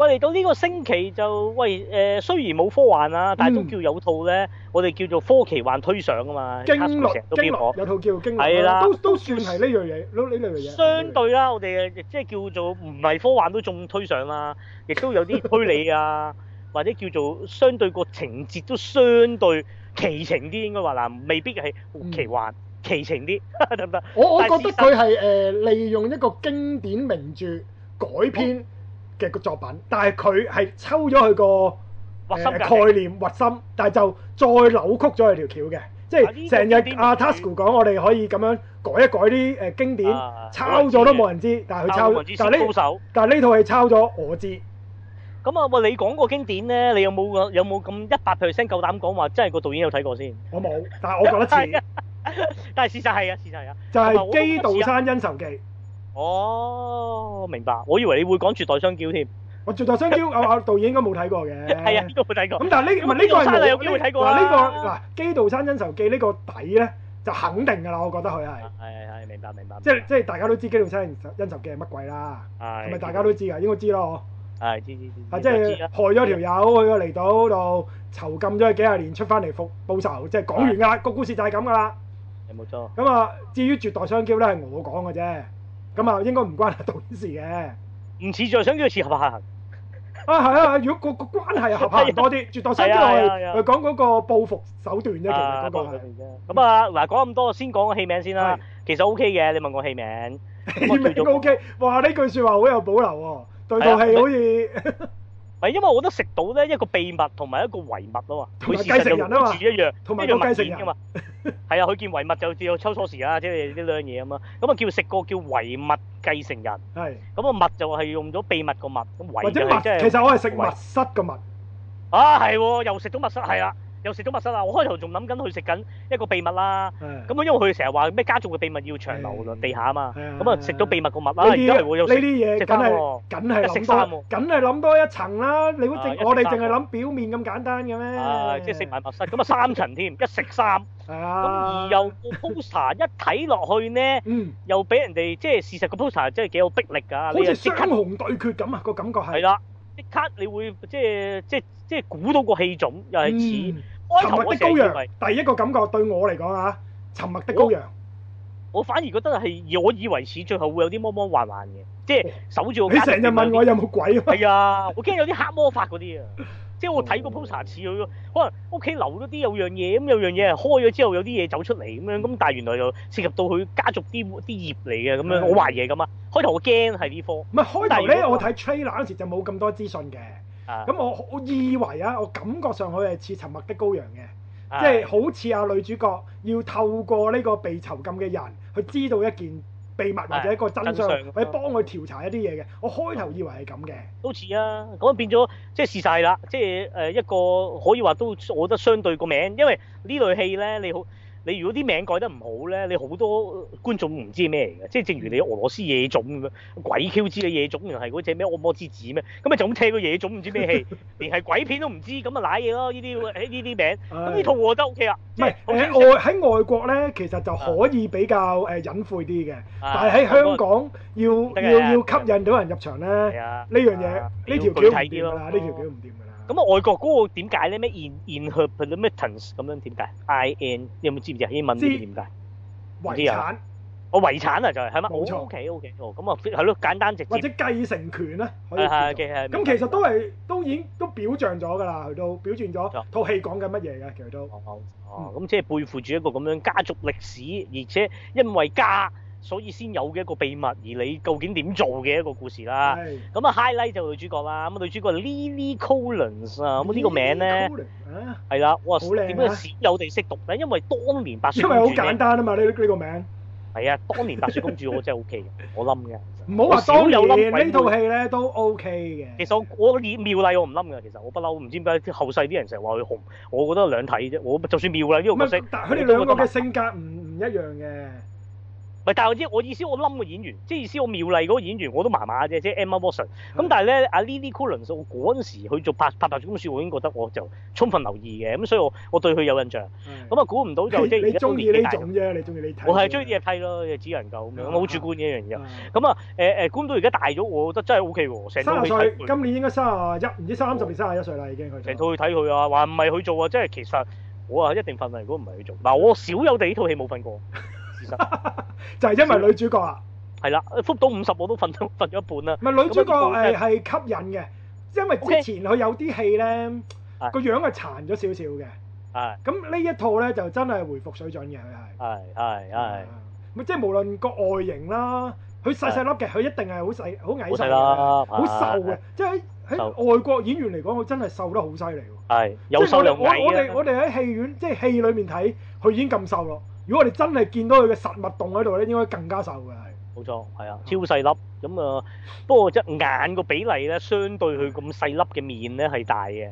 喂嚟到呢個星期就喂誒，雖然冇科幻啊，但係都叫有套咧，我哋叫做科奇幻推想啊嘛，驚鵲有套叫做驚鵲，都都算係呢樣嘢，呢呢類嘢。相對啦，我哋誒即係叫做唔係科幻都仲推想嘛，亦都有啲推理啊，或者叫做相對個情節都相對奇情啲應該話嗱，未必係奇幻奇情啲得唔得？我我覺得佢係誒利用一個經典名著改編。嘅個作品，但係佢係抽咗佢個概念核心，但係就再扭曲咗佢條橋嘅，即係成日阿 Tasuku 講我哋可以咁樣改一改啲誒經典，啊、抄咗都冇人知，但係佢抄，抄了是但係呢，但係呢套戲抄咗我知，咁啊、嗯，喂，你講個經典咧，你有冇有冇咁一百 percent 夠膽講話真係、這個導演有睇過先？我冇，但係我覺得似， 但係事實係啊，事實係啊，就係《基度山恩仇記》。哦，明白。我以為你會講《絕代雙驕》添。我《絕代雙驕》，我阿導演應該冇睇過嘅。係啊，邊個冇睇過？咁但係呢？唔係呢個係有機會睇過。嗱呢個，嗱《基道山恩仇記》呢個底咧就肯定噶啦，我覺得佢係。係係明白明白。即係即係，大家都知《基道山恩仇記》係乜鬼啦，係咪？大家都知噶，應該知咯。係知知知。啊，即係害咗條友，佢咗嚟到度，囚禁咗佢幾廿年，出翻嚟複報仇，即係講完噶啦，個故事就係咁噶啦。有冇錯？咁啊，至於《絕代雙驕》咧，係我講嘅啫。咁 啊，應該唔關導演事嘅，唔似在想叫佢合法行啊，係啊，如果個個關係合合多啲， 啊、絕對新啲落去講嗰個報復手段啫，啊、其實嗰個係啫。咁、嗯、啊，嗱講咁多，先講個戲名先啦。是其實 OK 嘅，你問我戲名，戲名都 OK。 哇，呢句説話好有保留喎、啊，對套戲好似。 因為我都食到咧一個秘密同埋一個遺物啊嘛，佢繼承人啊嘛，一樣，一樣繼承人些件嘛，係 啊，佢見遺物就照抽鎖匙啊，即係呢兩樣嘢啊嘛，咁啊叫食個叫遺物繼承人，係的，咁啊物就係用咗秘密個物，遺就係即係係其實我係食密室個物啊，係喎，又食咗密室，係啦。又食咗密室啦！我開頭仲諗緊佢食緊一個秘密啦，咁啊因為佢成日話咩家族嘅秘密要長留落地下啊嘛，咁啊食咗秘密個密啦，而家係會有呢啲嘢梗係梗係諗多，梗係諗多一層啦！你會我哋淨係諗表面咁簡單嘅咩？即係食埋密室，咁啊三層添，一食三，咁而又 poster，一睇落去呢，又俾人哋即係事實個 poster 真係幾有逼力㗎。好似雙雄對決咁啊，個感覺係。即刻你會即係即係即係估到個氣種又係似《沉默、嗯、的羔羊、就是》，第一個感覺對我嚟講嚇。啊《沉默的羔羊》我，我反而覺得係我以為似最後會有啲魔魔幻幻嘅，即係守住我。你成日問我有冇鬼啊？係啊，我驚有啲黑魔法嗰啲啊！ 即係我睇個 poster 似佢，可能屋企留咗啲有樣嘢，咁有樣嘢係開咗之後有啲嘢走出嚟咁樣，咁但係原來又涉及到佢家族啲啲業嚟嘅咁樣，咁我懷疑咁啊。開頭我驚係呢科，唔係開頭咧，我睇 trailer 嗰時就冇咁多資訊嘅，咁、啊、我我以為啊，我感覺上佢係似沉默的羔羊嘅，即係、啊、好似啊女主角要透過呢個被囚禁嘅人去知道一件秘密，或者一個真相，我幫佢調查一啲嘢嘅。我開頭以為係咁嘅。都似啊，咁變咗即係事晒啦。即係誒一個可以話都，我覺得相對個名，因為呢類戲咧，你好。你如果啲名改得唔好咧，你好多觀眾唔知咩嚟嘅，即係正如你俄羅斯野種咁樣，鬼 Q 知嘅野種，原來係嗰隻咩惡魔之子咩？咁咪就咁聽個野種唔知咩戲，連係鬼片都唔知，咁咪賴嘢咯！呢啲，誒呢啲名，咁呢套我覺得 OK 啊。唔係喺外喺外國咧，其實就可以比較誒隱晦啲嘅，但係喺香港要要要吸引到人入場咧，呢樣嘢呢條橋唔掂啦，呢條橋唔掂。咁啊，外國嗰個點解咧？咩 in inheritance 咁樣點解？in，你有冇知唔知？英文知唔知點解？遺產，哦遺產啊，就係係咪？冇錯。O K O K，哦咁啊，係咯，簡單直接。或者繼承權啦，可以。係係。咁其實都係都已經都表象咗㗎啦，都表象咗套戲講緊乜嘢㗎？其實都。哦哦，咁即係背負住一個咁樣家族歷史，而且因為家。所以先有嘅一個秘密，而你究竟點做嘅一個故事啦。咁啊，highlight 就女主角啦。咁啊，女主角 Lily Collins 啊。咁呢個名咧，係啦，我話點解有地識讀咧？因為當年白雪公主因為好簡單啊嘛。你呢個名係啊，當年白雪公主我真係 OK 嘅，我冧嘅。唔好話當年呢套戲咧都 OK 嘅。其實我我妙麗我唔冧嘅，其實我不嬲。唔知點解啲後世啲人成日話佢紅，我覺得兩睇啫。我就算妙啦，呢個角色。但佢哋兩個嘅性格唔唔一樣嘅。唔係但係我知，我意思，我冧個演員，即係意思我的妙麗嗰個演員，我都麻麻啫，即係 Emma Watson 的。咁但係咧，阿 Lily Collins，我嗰陣時去做拍拍白雪公主，我已經覺得我就充分留意嘅，咁所以我我對佢有印象。咁啊的，估唔到就你即係而家年幾啫。你中意你睇。我係中意啲嘢睇咯，只能夠咁樣，好的主觀嘅一樣嘢。咁啊，誒誒，估唔到而家大咗，我覺得真係 O K 喎。成套去睇。今年應該三啊一，唔知三十定三啊一歲啦，已經佢。成套去睇佢啊，話唔係佢做啊，即係其實我啊一定瞓，如果唔係佢做。嗱，我少有第呢套戲冇瞓過。 就係因為女主角啦，係啦，復到五十我都瞓瞓咗一半啦。唔係女主角誒係吸引嘅，因為之前佢有啲戲咧個樣係殘咗少少嘅。係咁呢一套咧就真係回復水準嘅，佢係係係。咪即係無論個外形啦，佢細細粒嘅，佢一定係好細好矮細嘅，好瘦嘅。即係喺喺外國演員嚟講，佢真係瘦得好犀利。係有瘦量矮啊！我哋我哋喺戲院即係戲裏面睇，佢已經咁瘦咯。如果你真係見到佢嘅實物棟喺度咧，應該更加瘦嘅係。冇錯，係啊，超細粒咁啊。不過隻眼個比例咧，相對佢咁細粒嘅面咧係大嘅，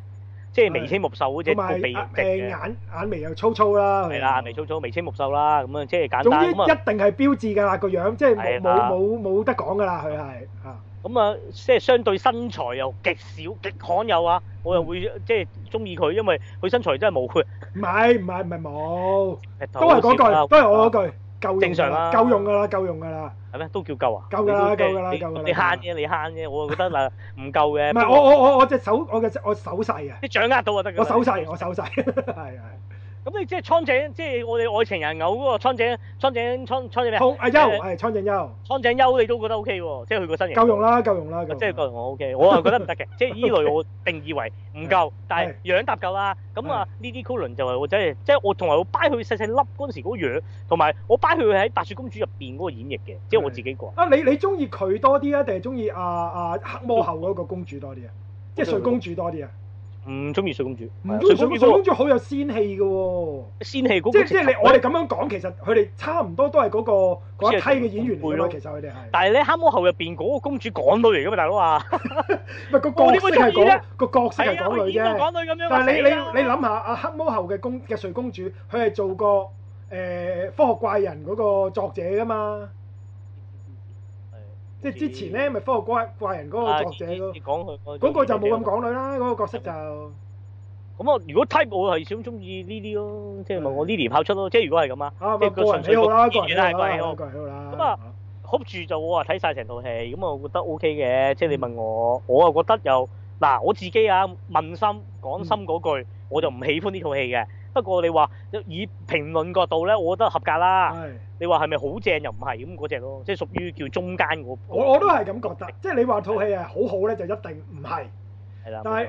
即係眉清目秀嗰隻個鼻。同埋誒眼眼眉又粗粗啦。係啦，眉粗粗，眉清目秀啦，咁啊，即係簡單。總之一定係標誌㗎啦，個樣即係冇冇冇冇得講㗎啦，佢係啊。咁啊，即係相對身材又極少極罕有啊，我又會即係中意佢，因為佢身材真係冇。唔係唔係唔係冇，都係嗰句，都係我嗰句，夠用啦，正常啦，夠用㗎啦，夠用㗎啦。係咩？都叫夠啊？夠㗎啦，夠㗎啦，夠㗎啦。你慳啫，你慳啫，我就覺得啦，唔夠嘅。唔係我我我我隻手我嘅隻我手細啊！你掌握到就得㗎。我手細，我手細。係啊！咁你即係蒼井，即係我哋愛情人偶嗰個蒼井，蒼井蒼蒼井咩？蒼阿優係蒼井優，蒼井優你都覺得 O K 喎，即係佢個身形夠用啦，夠用啦，即係夠用我 O K，我係覺得唔得嘅，即係依類我定義為唔夠，但係樣搭夠啦。咁啊呢啲 Coolen 就係或者係即係我同埋我掰佢細細粒嗰陣時嗰個樣，同埋我掰佢喺白雪公主入邊嗰個演繹嘅，即係我自己個啊你你中意佢多啲啊，定係中意啊啊黑魔后嗰個公主多啲啊？即係睡公主多啲啊？唔中意睡公主。唔中意睡公主，睡公主好有仙氣㗎喎。仙氣，即係即係你我哋咁樣講，其實佢哋差唔多都係嗰個嗰一批嘅演員嚟嘅。其實佢哋係。但係咧，黑魔后入邊嗰個公主港女嚟㗎嘛，大佬啊！唔係個角色係港，個角色係港女啫。係啊，演到港女咁樣。但係你你你諗下，阿黑魔后嘅公嘅睡公主，佢係做過誒科學怪人嗰個作者㗎嘛？即係之前咧，咪科學怪怪人嗰個作者講佢，嗰個就冇咁講女啦，嗰個角色就咁我如果 t 睇我係想中意呢啲咯，即係問我呢年拍出咯。即係如果係咁啊，即係個純粹個演員係怪好啦。咁啊，hold 住就我話睇晒成套戲，咁我覺得 OK 嘅。即係你問我，我啊覺得又嗱，我自己啊問心講心嗰句，我就唔喜歡呢套戲嘅。不過你話以評論角度咧，我覺得合格啦。你話係咪好正又唔係咁嗰隻咯？即係屬於叫中間嗰個。我我都係咁覺得，即係你話套戲係好好咧，就一定唔係。係啦。但係誒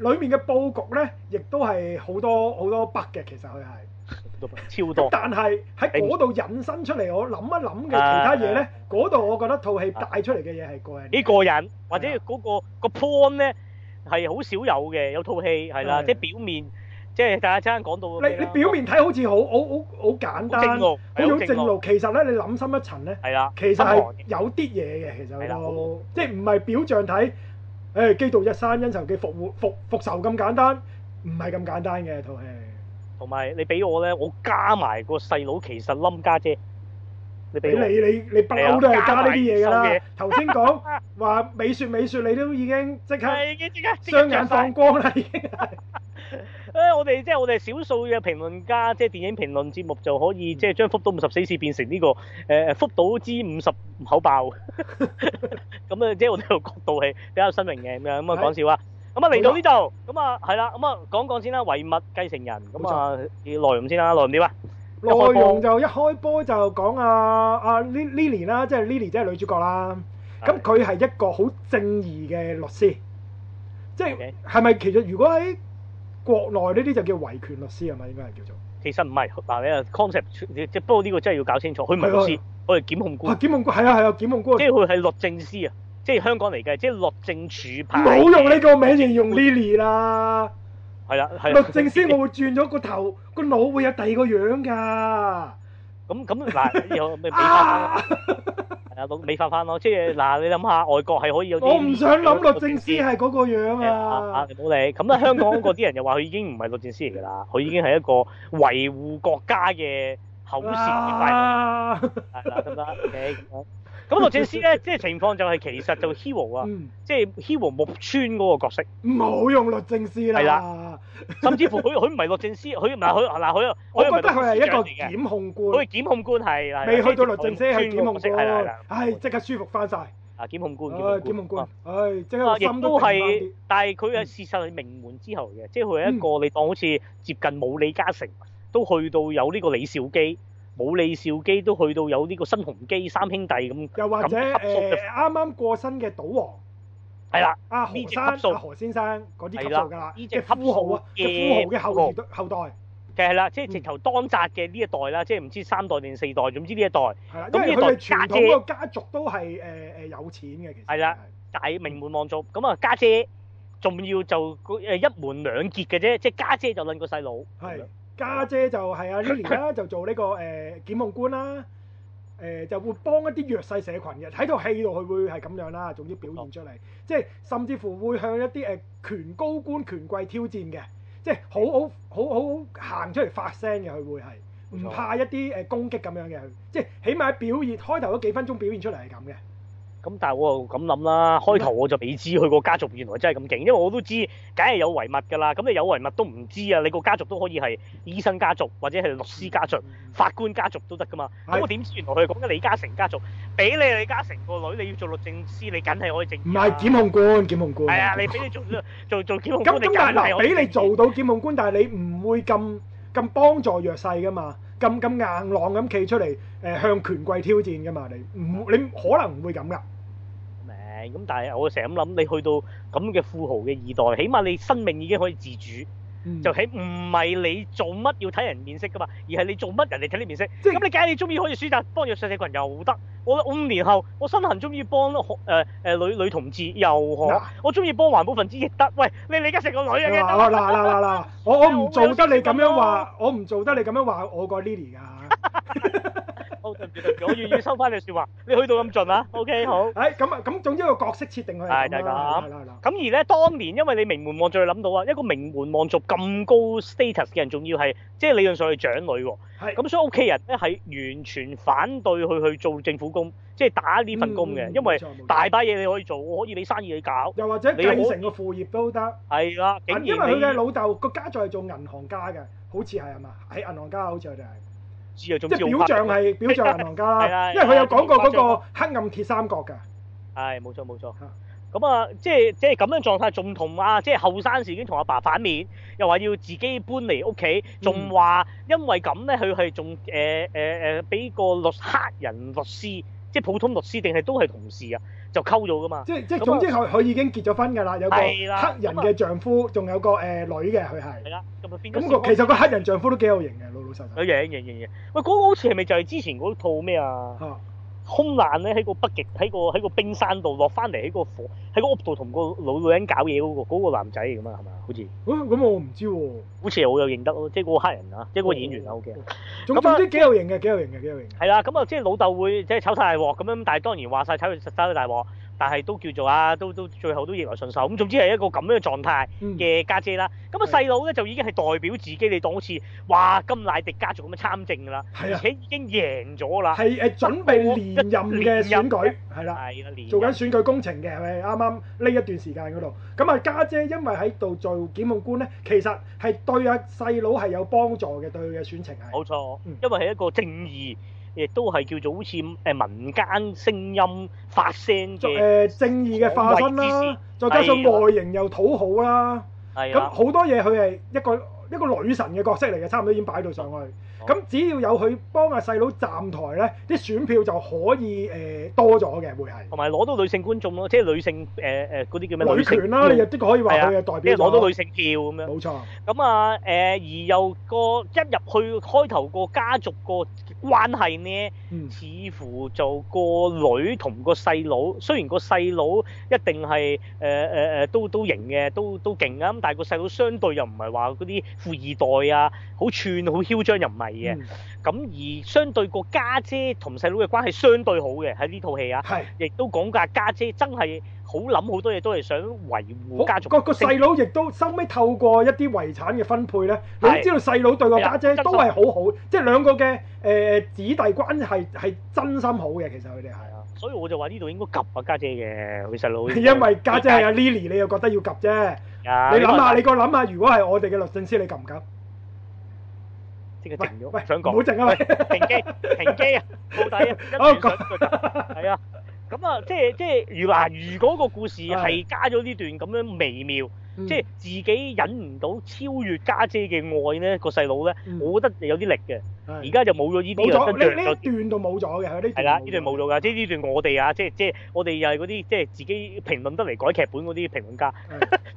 誒，裡面嘅佈局咧，亦都係好多好多北嘅，其實佢係。超多。但係喺嗰度引申出嚟，我諗一諗嘅其他嘢咧，嗰度我覺得套戲帶出嚟嘅嘢係個人。幾個人？或者嗰個個 point 咧係好少有嘅，有套戲係啦，即係表面。即係啱啱講到，你你表面睇好似好好好好簡單，好用正路，其實咧你諗深一層咧，係啦，其實係有啲嘢嘅，其實有，即係唔係表象睇，誒，基度山恩仇嘅復活復復仇咁簡單，唔係咁簡單嘅套戲。同埋你俾我咧，我加埋個細佬，其實冧家姐，你俾你你你不嬲都係加呢啲嘢㗎啦。頭先講話美雪美雪，你都已經即刻雙眼放光啦，已經係。誒，我哋即係我哋少數嘅評論家，即係電影評論節目就可以即係將《福島五十死士》變成呢個誒《福島之五十口爆。》 咁啊，即係我呢個角度係比較新穎嘅咁啊，咁啊講笑啊。咁啊嚟到呢度，咁啊係啦，咁啊講講先啦，《遺物繼承人》咁啊，啲像內容先啦，內容點啊？內容就一開波，一開波就講啊。阿 Lily 啦，ili, 即係 Lily 即係女主角啦。咁佢係一個好正義嘅律師，的即係係咪其實如果喺國內呢啲就叫維權律師係咪應該係叫做？其實唔係嗱，你啊 concept，即係不過呢個真係要搞清楚，佢唔係律師，我係的檢控官。檢控官係啊係啊，檢控，檢控官即係佢係律政司啊，即係香港嚟嘅，即係律政處派。冇用呢個名形容 Lily 啦，係啦係。律政司，我會轉咗個頭，個腦會有第二個樣㗎。咁咁嗱，有咩其他？ 啊，美化翻咯，即係嗱，你諗下，外國係可以有啲？我唔想諗律政司係嗰個樣啊。啊，冇理。咁香港嗰啲人又話佢已經唔係律政司嚟噶啦，佢已經係一個維護國家嘅口舌。啦、啊，得 OK 咁律政司咧，即係情況就係其實就 Hero 啊，即係 Hero 木村嗰個角色，唔好用律政司啦。係啦，甚至乎佢佢唔係律政司，佢嗱佢嗱佢啊，我覺得佢係一個檢控官，佢檢控官係，未去到律政司，去檢控室係啦，唉，即刻舒服翻晒，啊，檢控官，檢控官，唉，啊，亦都係，但係佢嘅事實係名門之後嘅，即係佢係一個你當好似接近冇李嘉誠，都去到有呢個李兆基。冇李兆基都去到有呢個新鴻基三兄弟咁，又或者啱啱過身嘅賭王係啦，阿何生阿何先生嗰啲級數㗎啦，嘅富豪啊，富豪嘅後代後代嘅係啦，即係直頭當擲嘅呢一代啦，即係唔知三代定四代，總之呢一代咁呢代，因為佢哋傳統嗰個家族都係誒誒有錢嘅，其實係啦，大名門望族咁啊，家姐仲要就誒一門兩傑嘅啫，即係家姐就撚個細佬係。家姐，姐就係阿 Lily 啦，就做呢、這個誒、呃、檢控官啦，誒、呃、就會幫一啲弱勢社群嘅睇到戲度，佢會係咁樣啦，總之表現出嚟，即係甚至乎會向一啲誒權高官權貴挑戰嘅，即係好好，好好好好行出嚟發聲嘅，佢會係唔怕一啲誒攻擊咁樣嘅，即係起碼表現開頭嗰幾分鐘表現出嚟係咁嘅。咁但係我又咁諗啦，開頭我就未知佢個家族原來真係咁勁，因為我都知，梗係有遺物㗎啦。咁你有遺物都唔知啊，你個家族都可以係醫生家族，或者係律師家族、嗯、法官家族都得噶嘛。咁、嗯、我點知原來佢講緊李嘉誠家族，俾你李嘉誠個女你要做律政司，你梗係可以整唔係檢控官？檢控官係啊， 你俾你做做做檢控官嘅人係我。咁咁點解俾你做到檢控官，但係你唔會咁咁幫助弱勢㗎嘛，咁咁硬朗咁企出嚟誒向權貴挑戰㗎嘛，你唔你可能唔會咁㗎。咁但係我成日咁諗，你去到咁嘅富豪嘅二代，起碼你生命已經可以自主，嗯、就係唔係你做乜要睇人面色噶嘛？而係你做乜人哋睇你面色。咁即你梗係你中意可以選擇幫弱勢社群又得。我五年後我身痕中意幫誒誒、呃、女女同志又好，啊、我中意幫環保分子亦得。喂，你你而家成個女人嚟嘅啦啦我我唔做得你咁樣話，我唔做得你咁樣話我個 Lily 噶。啊 Oh, 我願意收翻你說話， 你去到咁盡啊 OK，好。誒、哎、咁、嗯、啊，咁總之個角色設定去係就係咁。係咁而咧，當年因為你名門望族諗到啊，一個名門望族咁高 status 嘅人，仲要係即係理論上係長女、啊，係咁是、嗯、所以屋企人咧係完全反對佢去做政府工，即、就、係、是、打呢份工嘅，嗯、因為大把嘢你可以做，可以你生意去搞。又或者繼承個副業都得。係啦，竟然你因為佢嘅老豆個家族係做銀行家嘅，好似係係嘛？喺銀行家好似就係。即係表象係表象係銀行家啦， 的因為佢有講過嗰個黑暗鐵三角㗎。係冇錯、哎、冇錯嚇，咁啊即係即係咁樣的狀態，仲同啊即係後生時已經同阿爸反面，又話要自己搬嚟屋企，仲話因為咁咧，佢係仲誒誒誒俾個律黑人律師，即係普通律師定係都係同事啊？就溝咗㗎嘛，即係即係總之佢佢，就是，已經結咗婚㗎啦，有個黑人嘅丈夫，仲，就是，有個，呃，女嘅佢係。咁個其實個黑人丈夫都幾有型嘅，老老實實，嗯，有型型型型，喂嗰，那個好似係咪就係之前嗰套咩啊？空難咧，喺個北極，喺個喺個冰山度落翻嚟，喺個火喺個屋度同個老女人搞嘢嗰個嗰個男仔，咁噶嘛係嘛好似？咁咁我唔知喎，好似又好有認得咯，即係個黑人啊，即係個演員啊，O.K.，咁啊幾有型嘅幾有型嘅幾有型。係啦，咁啊即係老豆會即係炒大鑊咁樣，但係當然話晒炒佢炒大鑊。但係都叫做啊，都都最後都逆來順受咁，總之係一個咁樣嘅狀態嘅家姐啦。咁啊細佬咧就已經係代表自己，你當好似哇甘迺迪家族咁樣參政㗎啦，啊、而且已經贏咗啦，係誒、啊、準備連任嘅選舉，係啦，係啊係啊、連做緊選舉工程嘅係咪啱啱呢一段時間嗰度？咁啊家姐因為喺度做檢控官咧，其實係對啊細佬係有幫助嘅，對佢嘅選情係冇錯，嗯、因為係一個正義。亦都係叫做好似誒民間聲音發聲嘅誒正義嘅化身啦，再加上外形又討好啦，係啊，咁好多嘢佢係一個一個女神嘅角色嚟嘅，差唔多已經擺到上去。咁只要有佢幫阿細佬站台咧，啲選票就可以誒多咗嘅會係，同埋攞到女性觀眾咯，即係女性誒誒嗰啲叫咩女權啦，你亦都可以話佢係代表咗，即係攞到女性票咁樣。冇錯。咁啊誒，而又個一入去開頭個家族個。關係呢，似乎就個女同個細佬，雖然個細佬一定係、呃呃、都都型嘅，都都勁啊，但係個細佬相對又唔係話嗰啲富二代啊，好串好囂張又唔係嘅。咁、嗯、而相對個家姐同細佬嘅關係相對好嘅，喺呢套戲啊，亦係都講㗎，家姐真係。好諗好多嘢都係想維護家族。個個細佬亦都收尾透過一啲遺產嘅分配咧，你知道細佬對個家姐都係好好，即係兩個嘅誒子弟關係係真心好嘅。其實佢哋係。所以我就話呢度應該及啊家姐嘅，佢細佬。係因為家姐係阿 Lily，你又覺得要及啫？你諗下，你個諗下，如果係我哋嘅律政司，你及唔及？即咗，喂，唔好靜啊！停機，停機啊！好底啊！一啊。係啊。咁啊，即係即係，如嗱，如果個故事係加咗呢段咁樣微妙，嗯、即係自己忍唔到超越家姐嘅愛咧，個細佬咧，嗯、我覺得有啲力嘅。而家、嗯、就冇咗呢啲嘅，跟住呢段就冇咗嘅，係啦，呢段冇咗㗎，即係呢段我哋啊，即係即係我哋又係嗰啲即係自己評論得嚟改劇本嗰啲評論家，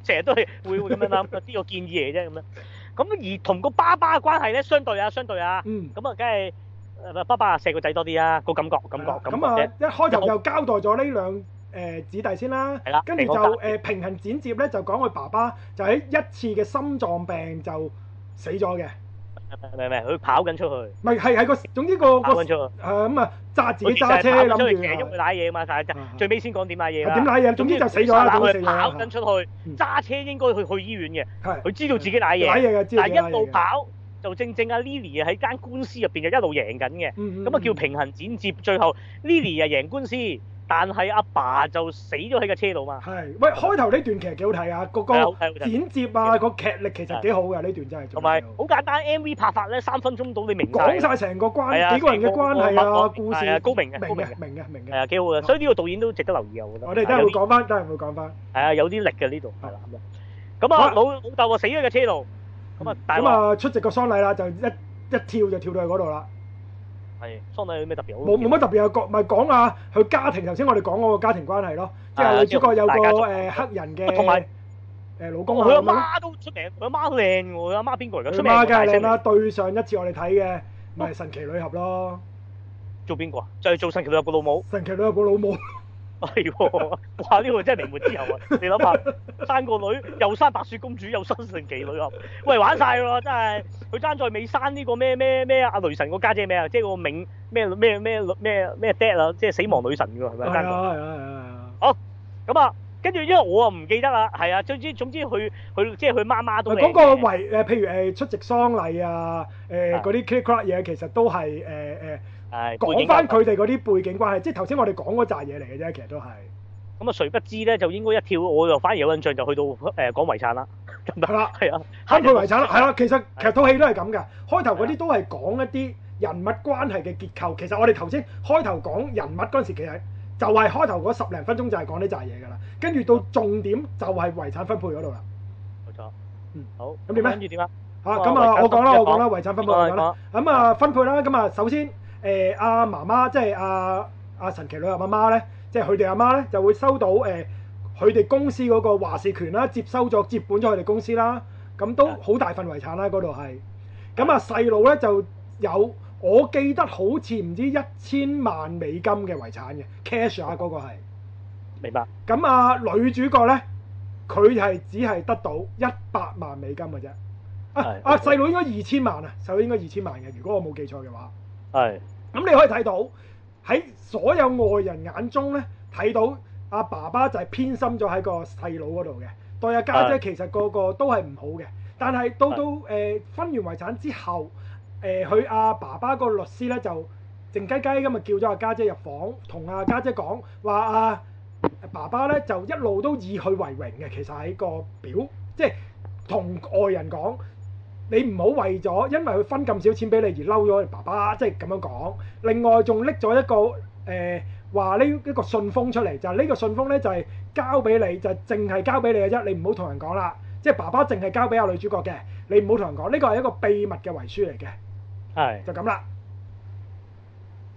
成日、嗯、 都係會會咁樣諗啲個建議嘢啫咁樣。咁而同個爸爸嘅關係咧，相對啊，相對啊，咁啊、嗯，梗係。誒爸爸啊，細個仔多啲啊，個感覺感覺咁。咁啊，一開頭又交代咗呢兩誒子弟先啦。係啦。跟住就誒平衡剪接咧，就講佢爸爸就喺一次嘅心臟病就死咗嘅。唔係唔係，佢跑緊出去。唔係係係個，總之個。跑緊出去。啊咁啊，揸自己揸車諗住騎喐佢打嘢啊嘛，但係最尾先講點打嘢？點打嘢？總之就死咗啦。佢跑緊出去，揸車應該去去醫院嘅。佢知道自己打嘢。打嘢嘅知。但係一路跑，就正正阿 Lily 喺間官司入邊就一路贏緊嘅，咁啊叫平衡剪接，最後 Lily 啊贏官司，但係阿爸就死咗喺個車度嘛。係，喂，開頭呢段劇幾好睇啊，個個剪接啊，個劇力其實幾好嘅呢段真係。同埋好簡單 MV 拍法咧，三分鐘到你明白。講曬成個關，幾個人嘅關係啊，故事。係啊，高明嘅，明嘅，明嘅，明嘅。係啊，幾好嘅，所以呢個導演都值得留意啊，我覺得，我哋都係會講翻，都係會講翻。係啊，有啲力嘅呢度。係啦，咁啊，老老竇死喺個車度。咁啊！咁啊！出席個喪禮啦，就一一跳就跳到去嗰度啦。係喪禮有咩特別？冇冇乜特別啊？講咪講下，佢家庭頭先我哋講嗰個家庭關係咯，即係主角有個誒黑人嘅同埋誒老公。佢阿媽都出名，佢阿媽靚喎，佢阿媽邊個嚟噶？佢阿媽梗係靚啦，對上一次我哋睇嘅咪神奇女俠咯。做邊個啊？就係做神奇女俠個老母。神奇女俠個老母。係喎，哇！ 呢個真係名門之後啊！你諗下，生個女，又生白雪公主，又生神奇女俠啊！喂，玩晒咯，真係佢爭在未生呢個咩咩咩阿雷神的姐姐、就是、個家姐咩啊？即係個冥咩咩咩咩咩爹啊！即係死亡女神㗎喎，係咪 啊？係啊係啊係啊！好，咁啊，跟住因為我啊唔記得啦，係啊，總之總之佢佢即係佢媽媽都係嗰個為誒，譬如誒出席喪禮啊，誒嗰啲 k 嘢，其實都係誒誒。欸欸講翻佢哋嗰啲背景關係，即係頭先我哋講嗰扎嘢嚟嘅啫，其實都係。咁啊，誰不知咧，就應該一跳，我就反而有印象就去到誒講遺產啦。得啦，係啊，分配遺產啦，係啦，其實其實套戲都係咁嘅。開頭嗰啲都係講一啲人物關係嘅結構。其實我哋頭先開頭講人物嗰陣時，其實就係開頭嗰十零分鐘就係講呢扎嘢㗎啦。跟住到重點就係遺產分配嗰度啦。冇錯。嗯。好。咁點咧？跟住點啊？嚇！咁啊，我講啦，我講啦，遺產分配點啦？咁啊，分配啦。咁啊，首先。誒阿、呃啊、媽媽即係阿阿神奇女俠阿媽咧，即係佢哋阿媽咧，就會收到誒佢哋公司嗰個話事權啦，接收咗接管咗佢哋公司啦，咁都好大份遺產啦，嗰度係。咁啊細路咧就有，我記得好似唔知一千萬美金嘅遺產嘅 cash 啊嗰個係。明白。咁啊女主角咧，佢係只係得到一百萬美金嘅啫。的啊的啊細路的應該二千萬啊，細路應該二千萬嘅，如果我冇記錯嘅話。係，咁你可以睇到喺所有外人眼中咧，睇到阿爸爸就係偏心咗喺個細佬嗰度嘅，對阿家姐其實個個都係唔好嘅。但係到到誒分完遺產之後，誒佢阿爸爸個律師咧就靜雞雞咁啊叫咗阿家姐入房，同阿家姐講話阿爸爸咧就一路都以佢為榮嘅，其實喺個表即係同外人講。你唔好為咗，因為佢分咁少錢俾你而嬲咗你爸爸，即係咁樣講。另外仲拎咗一個誒，話呢一個信封出嚟，就係呢個信封咧就係交俾你，就係淨係交俾你嘅啫。你唔好同人講啦，即係爸爸淨係交俾啊女主角嘅，你唔好同人講。呢個係一個秘密嘅遺書嚟嘅，係就咁啦。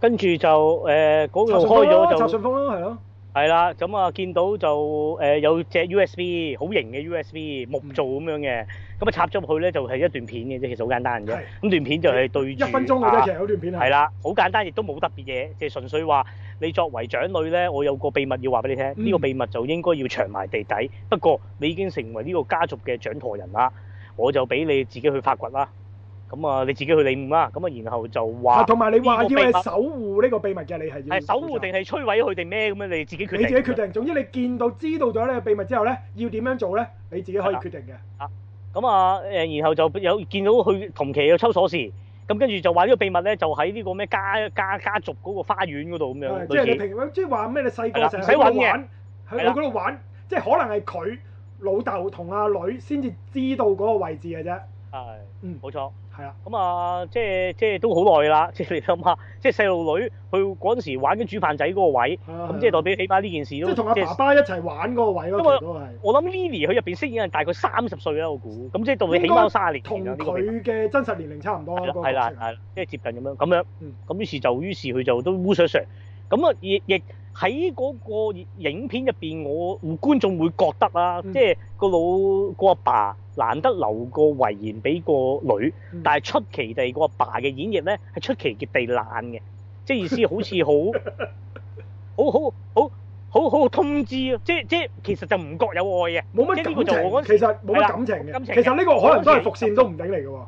跟住就誒嗰個開咗就拆信封咯，係咯。係啦，咁啊見到就誒、呃、有隻 USB 好型嘅 USB 木造咁樣嘅，咁啊、嗯、插咗入去咧就係一段片嘅啫，其實好簡單嘅。咁是段片就係對住一分鐘啊，其實嗰段片係啦，好簡單，亦都冇特別嘢，即、就、係、是、純粹話你作為長女咧，我有個秘密要話俾你聽，呢、嗯、個秘密就應該要長埋地底，不過你已經成為呢個家族嘅掌舵人啦，我就俾你自己去發掘啦。咁啊，你自己去領悟啦。咁啊，然後就話、啊，同埋你話要要守護呢個秘密嘅，你係守護定係摧毀佢哋咩？咁樣你自己決定。你自己決定。總之你見到知道咗呢個秘密之後咧，要點樣做咧，你自己可以決定嘅、啊。啊，咁啊，誒，然後就有見到佢同期有抽鎖匙，咁跟住就話呢個秘密咧就喺呢個咩家家家族嗰個花園嗰度咁樣。即係你平時即係話咩？你細個時候唔使玩嘅，喺嗰度玩。喺我嗰度玩。即係可能係佢老豆同阿女先至知道嗰個位置嘅啫。係、啊，嗯，冇錯。係啊，咁、嗯、啊，即係即係都好耐啦。即係你諗下，即係細路女，去嗰陣時玩緊煮飯仔嗰個位，咁、啊、即係代表起碼呢件事都是、啊、即係同阿爸爸一齊玩嗰個位咯。因為是我諗 Lily 佢入邊飾演係大概三十歲啦，我估。咁即係到你起碼卅年。同佢嘅真實年齡差唔多啦。係啦，係啦、啊，即係、啊啊啊啊啊、接近咁樣，咁樣。咁、嗯、於是就於是佢就都烏索索咁啊！亦亦。喺嗰個影片入邊，我觀眾會覺得啦，嗯、即係個老個阿爸，爸難得留個遺言俾個女，嗯、但係出奇地個阿爸嘅演繹咧係出奇地地懶嘅，即係意思好似 好好好好好好通知咯，即即其實就唔覺有愛嘅，冇乜感情，這其實冇乜感情嘅，了感情其實呢個可能都係伏線都唔頂嚟嘅喎。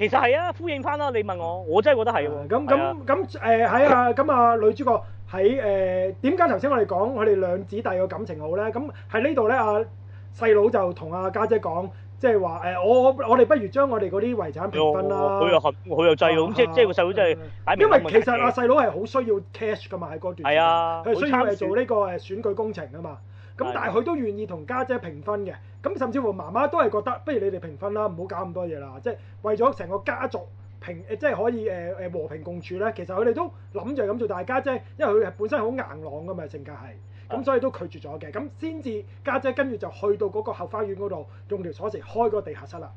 其實係啊，呼應翻啦！你問我，我真係覺得係啊！咁咁咁誒，喺啊咁啊女主角喺誒點解頭先我哋講佢哋兩姊弟嘅感情好咧？咁喺呢度咧阿細佬就同阿家姐講，即係話誒，我我哋不如將我哋嗰啲遺產平分啦。好有好有又制咁即即係個細佬真係。因為其實阿細佬係好需要 cash 㗎嘛，喺嗰段時間。係啊，佢需要嚟做呢個誒選舉工程啊嘛。咁但係佢都願意同家姐平分嘅，咁甚至乎媽媽都係覺得不如你哋平分啦，唔好搞咁多嘢啦，即係為咗成個家族平，即係可以誒誒、呃、和平共處咧。其實佢哋都諗就係咁做，大家姐，姐，因為佢係本身好硬朗㗎嘛，性格係，咁所以都拒絕咗嘅。咁先至家姐跟住就去到嗰個後花園嗰度，用條鎖匙開嗰個地下室啦。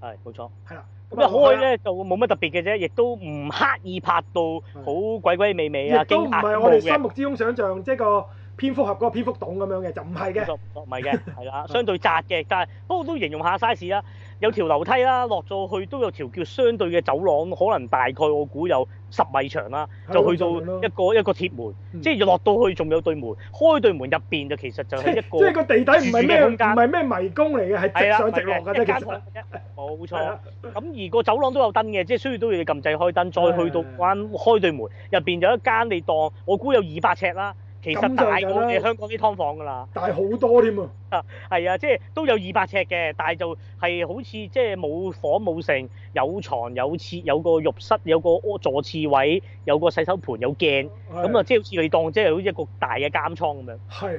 係，冇錯。係啦，一開咧就會冇乜特別嘅啫，亦都唔刻意拍到好鬼鬼魅魅。啊，亦都唔係我哋心目之中想像的即係蝙蝠俠嗰個蝙蝠洞咁樣嘅，就唔係嘅，唔係嘅，係啦，相對窄嘅，但係不過都形容下 size 啦。有條樓梯啦，落咗去都有條叫相對嘅走廊，可能大概我估有十米長啦，就去到一個一個鐵門，即係落到去仲有對門，開對門入面就其實就係一個即係個地底唔係咩唔係咩迷宮嚟嘅，係直上直落嘅啫。冇錯，咁而個走廊都有燈嘅，即係需要都要你撳掣開燈，再去到關開對門入面就一間你當我估有二百尺啦。其實大過我哋香港啲劏房㗎啦，大好多添啊！係啊，啊，即係都有二百尺嘅，但係就係好似即係冇房冇剩，有床有廁有個浴室，有個座廁位，有個洗手盤有鏡，咁啊即係好似你當即係好似一個大嘅監倉咁樣。係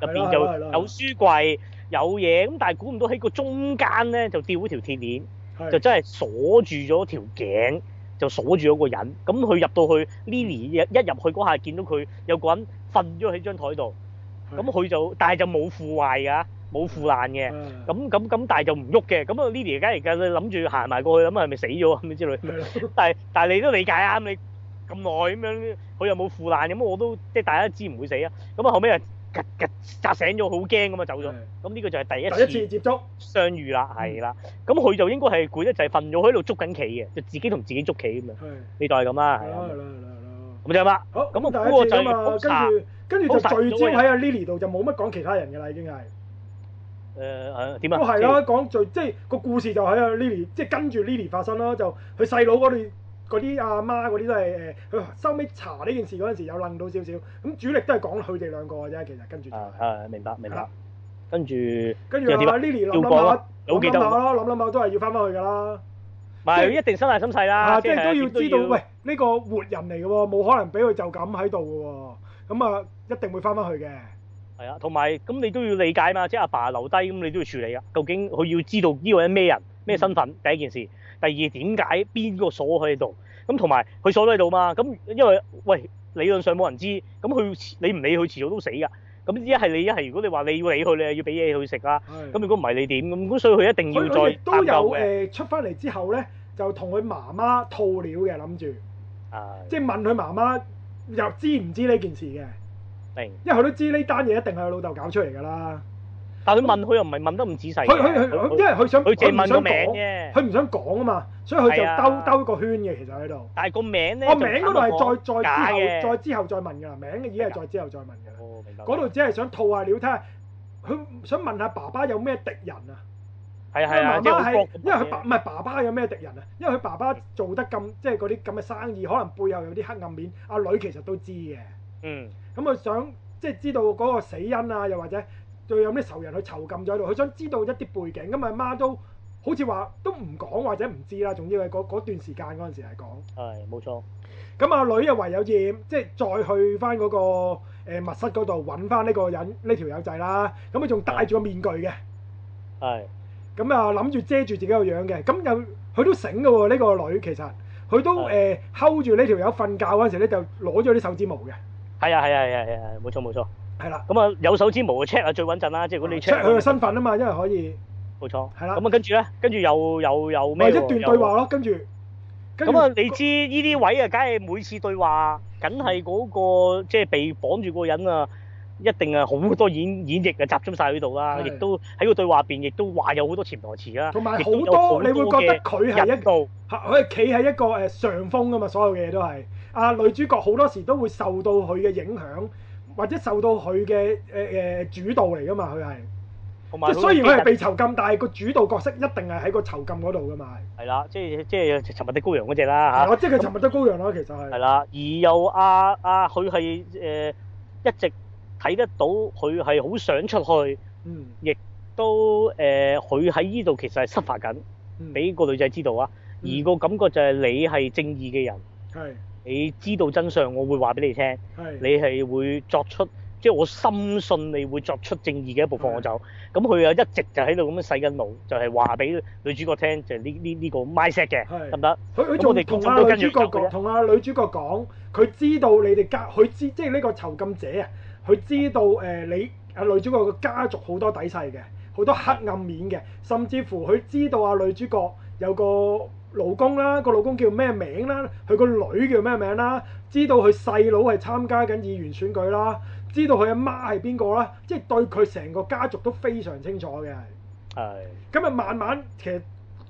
入邊就有書櫃有嘢，咁但係估唔到喺個中間咧就吊咗條鐵鏈，的就真係鎖住咗條頸，就鎖住咗個人。咁佢入到去，Lily 一入去嗰下見到佢有個人。瞓咗喺張台度，咁佢就，但係就冇腐壞㗎，冇腐爛嘅，咁咁咁，但係就唔喐嘅，咁啊 Lily，而家而家你諗住行埋過去，諗下係咪死咗啊？咁之類，但係但係你都理解啊，咁你咁耐咁樣，佢又冇腐爛，咁我都即係大家都知唔會死啊，咁啊後尾啊夾夾扎醒咗，好驚咁啊走咗，咁呢個就係第一次第一次接觸相遇啦，係啦，咁佢就應該係攰得滯瞓咗，喺度捉緊棋嘅，就自己同自己捉棋咁啊，你就係咁啦，係啦。好咁我第一次啊、就、嘛、是，跟住跟住就聚焦喺阿 Lily 度，就冇乜講其他人嘅啦，已經係。誒誒、呃、都係咯、啊，講最即係個故事就喺阿 Lily，即係跟住 Lily 發生啦，就佢細佬嗰啲嗰啲阿媽嗰啲都係誒，佢收尾查呢件事嗰陣時有到少少，咁主力都係講佢哋兩個嘅啫，其實跟住、就是、啊明白明白，跟住、啊。跟住話 Lily 諗諗下，諗諗下咯，諗諗下都係要翻返去㗎啦。一定心大心細啦。啊、即係是都要知道，喂，呢、這個活人嚟嘅喎，冇可能俾佢就咁喺度嘅喎。咁啊，一定會翻返去嘅。係啊，同埋咁你都要理解嘛，即係阿爸留低咁，你都要處理啊。究竟佢要知道呢個人咩人、咩身份？嗯、第一件事，第二，點解邊個鎖喺度？咁同埋佢鎖咗喺度嘛？咁因為喂理論上冇人知道，咁佢你唔理佢遲早都死㗎。咁一係你一係，如果你話你要理佢，你要俾嘢佢食啊。咁的如果唔係你點咁？咁所以佢一定要再他都有誒、呃，出翻嚟之後咧。就同佢媽媽套料嘅，諗住，即係問佢媽媽又知唔知呢件事嘅？明，因為佢都知呢單嘢一定係佢老豆搞出嚟㗎啦。但係佢問佢又唔係問得咁仔細嘅。佢佢佢，因為佢想佢唔想講嘅，佢唔想講啊嘛，所以佢就兜兜個圈嘅，其實喺度。但係個名咧，個名嗰度係再再之後再之後再問㗎喇，名已經係再之後再問㗎喇。哦，明白。嗰度只係想套下料，睇下佢想問下爸爸有咩敵人啊？係係，因為媽媽係，因為佢爸唔係爸爸有咩敵人啊？因為佢爸爸做得咁即係嗰啲咁嘅生意，可能背後有啲黑暗面。阿女其實都知嘅，嗯，咁佢想即係知道嗰個死因啊，又或者仲有咩仇人去囚禁咗喺度，佢想知道一啲背景。咁阿媽都好似話都唔講或者唔知啦，仲要係嗰段時間嗰陣時係講沒錯、嗯。係冇錯、嗯。咁阿女又唯有厭，即係再去翻嗰個密室嗰度揾翻呢個人呢條友仔啦。咁佢仲戴住個面具嘅。係。咁啊，諗住遮住自己個樣嘅，咁又佢都醒㗎喎。呢、這個女其實佢都誒睺的、呃、住呢條友瞓覺嗰陣時咧，就攞咗啲手指毛嘅。係啊係啊係係係，冇錯冇錯。係啦，咁啊的、嗯嗯、有手指毛 check 啊最穩陣啦，即係如果你 check 佢嘅身份啊嘛，因為可以冇錯。係啦的。咁啊跟住咧，跟住又又又咩？一段對話咯，跟住。咁、嗯嗯、著啊，你知呢啲、那個、位啊，梗係每次對話，梗係嗰個即係被綁住個人啊。一定啊，好多演演繹啊，集中晒喺度啦。亦的都喺個對話邊，亦都話有好多潛台詞啦。同埋好多，多你會覺得佢係一度，佢係企喺一個誒道上風噶嘛。所有嘢都係啊、呃，女主角好多時都會受到佢嘅影響，或者受到佢嘅誒誒主導嚟噶嘛。佢係、那個、即雖然佢係被囚禁，欸、但係個主導角色一定係喺個囚禁嗰度噶嘛。係啦，即即沉默的羔羊嗰隻啦嚇。係啊，即係沉默的羔羊啦，那其實係。係啦，而又啊啊，佢係誒一直。睇得到佢係好想出去，嗯，亦都誒，佢喺依度其實係失法緊，俾個女仔知道啊。而個感覺就係你係正義嘅人，係，你知道真相，我會話俾你聽，係，你係會作出，即係我深信你會作出正義嘅一步，放我走咁，佢啊一直就喺度咁樣洗緊腦，就係話俾女主角聽，就係呢呢呢個 mindset 嘅，得唔得？佢佢仲同阿女主角講，同阿女主角講，佢知道你哋隔，佢知即係呢個囚禁者啊。佢知道誒、呃，你啊女主角嘅家族好多底細嘅，好多黑暗面嘅，甚至乎佢知道啊女主角有個老公啦，個老公叫咩名啦，佢個女叫咩名啦，知道佢細佬係參加緊議員選舉啦，知道佢阿媽係邊個啦，即係對佢成個家族都非常清楚嘅。係、哎。咁啊，慢慢其實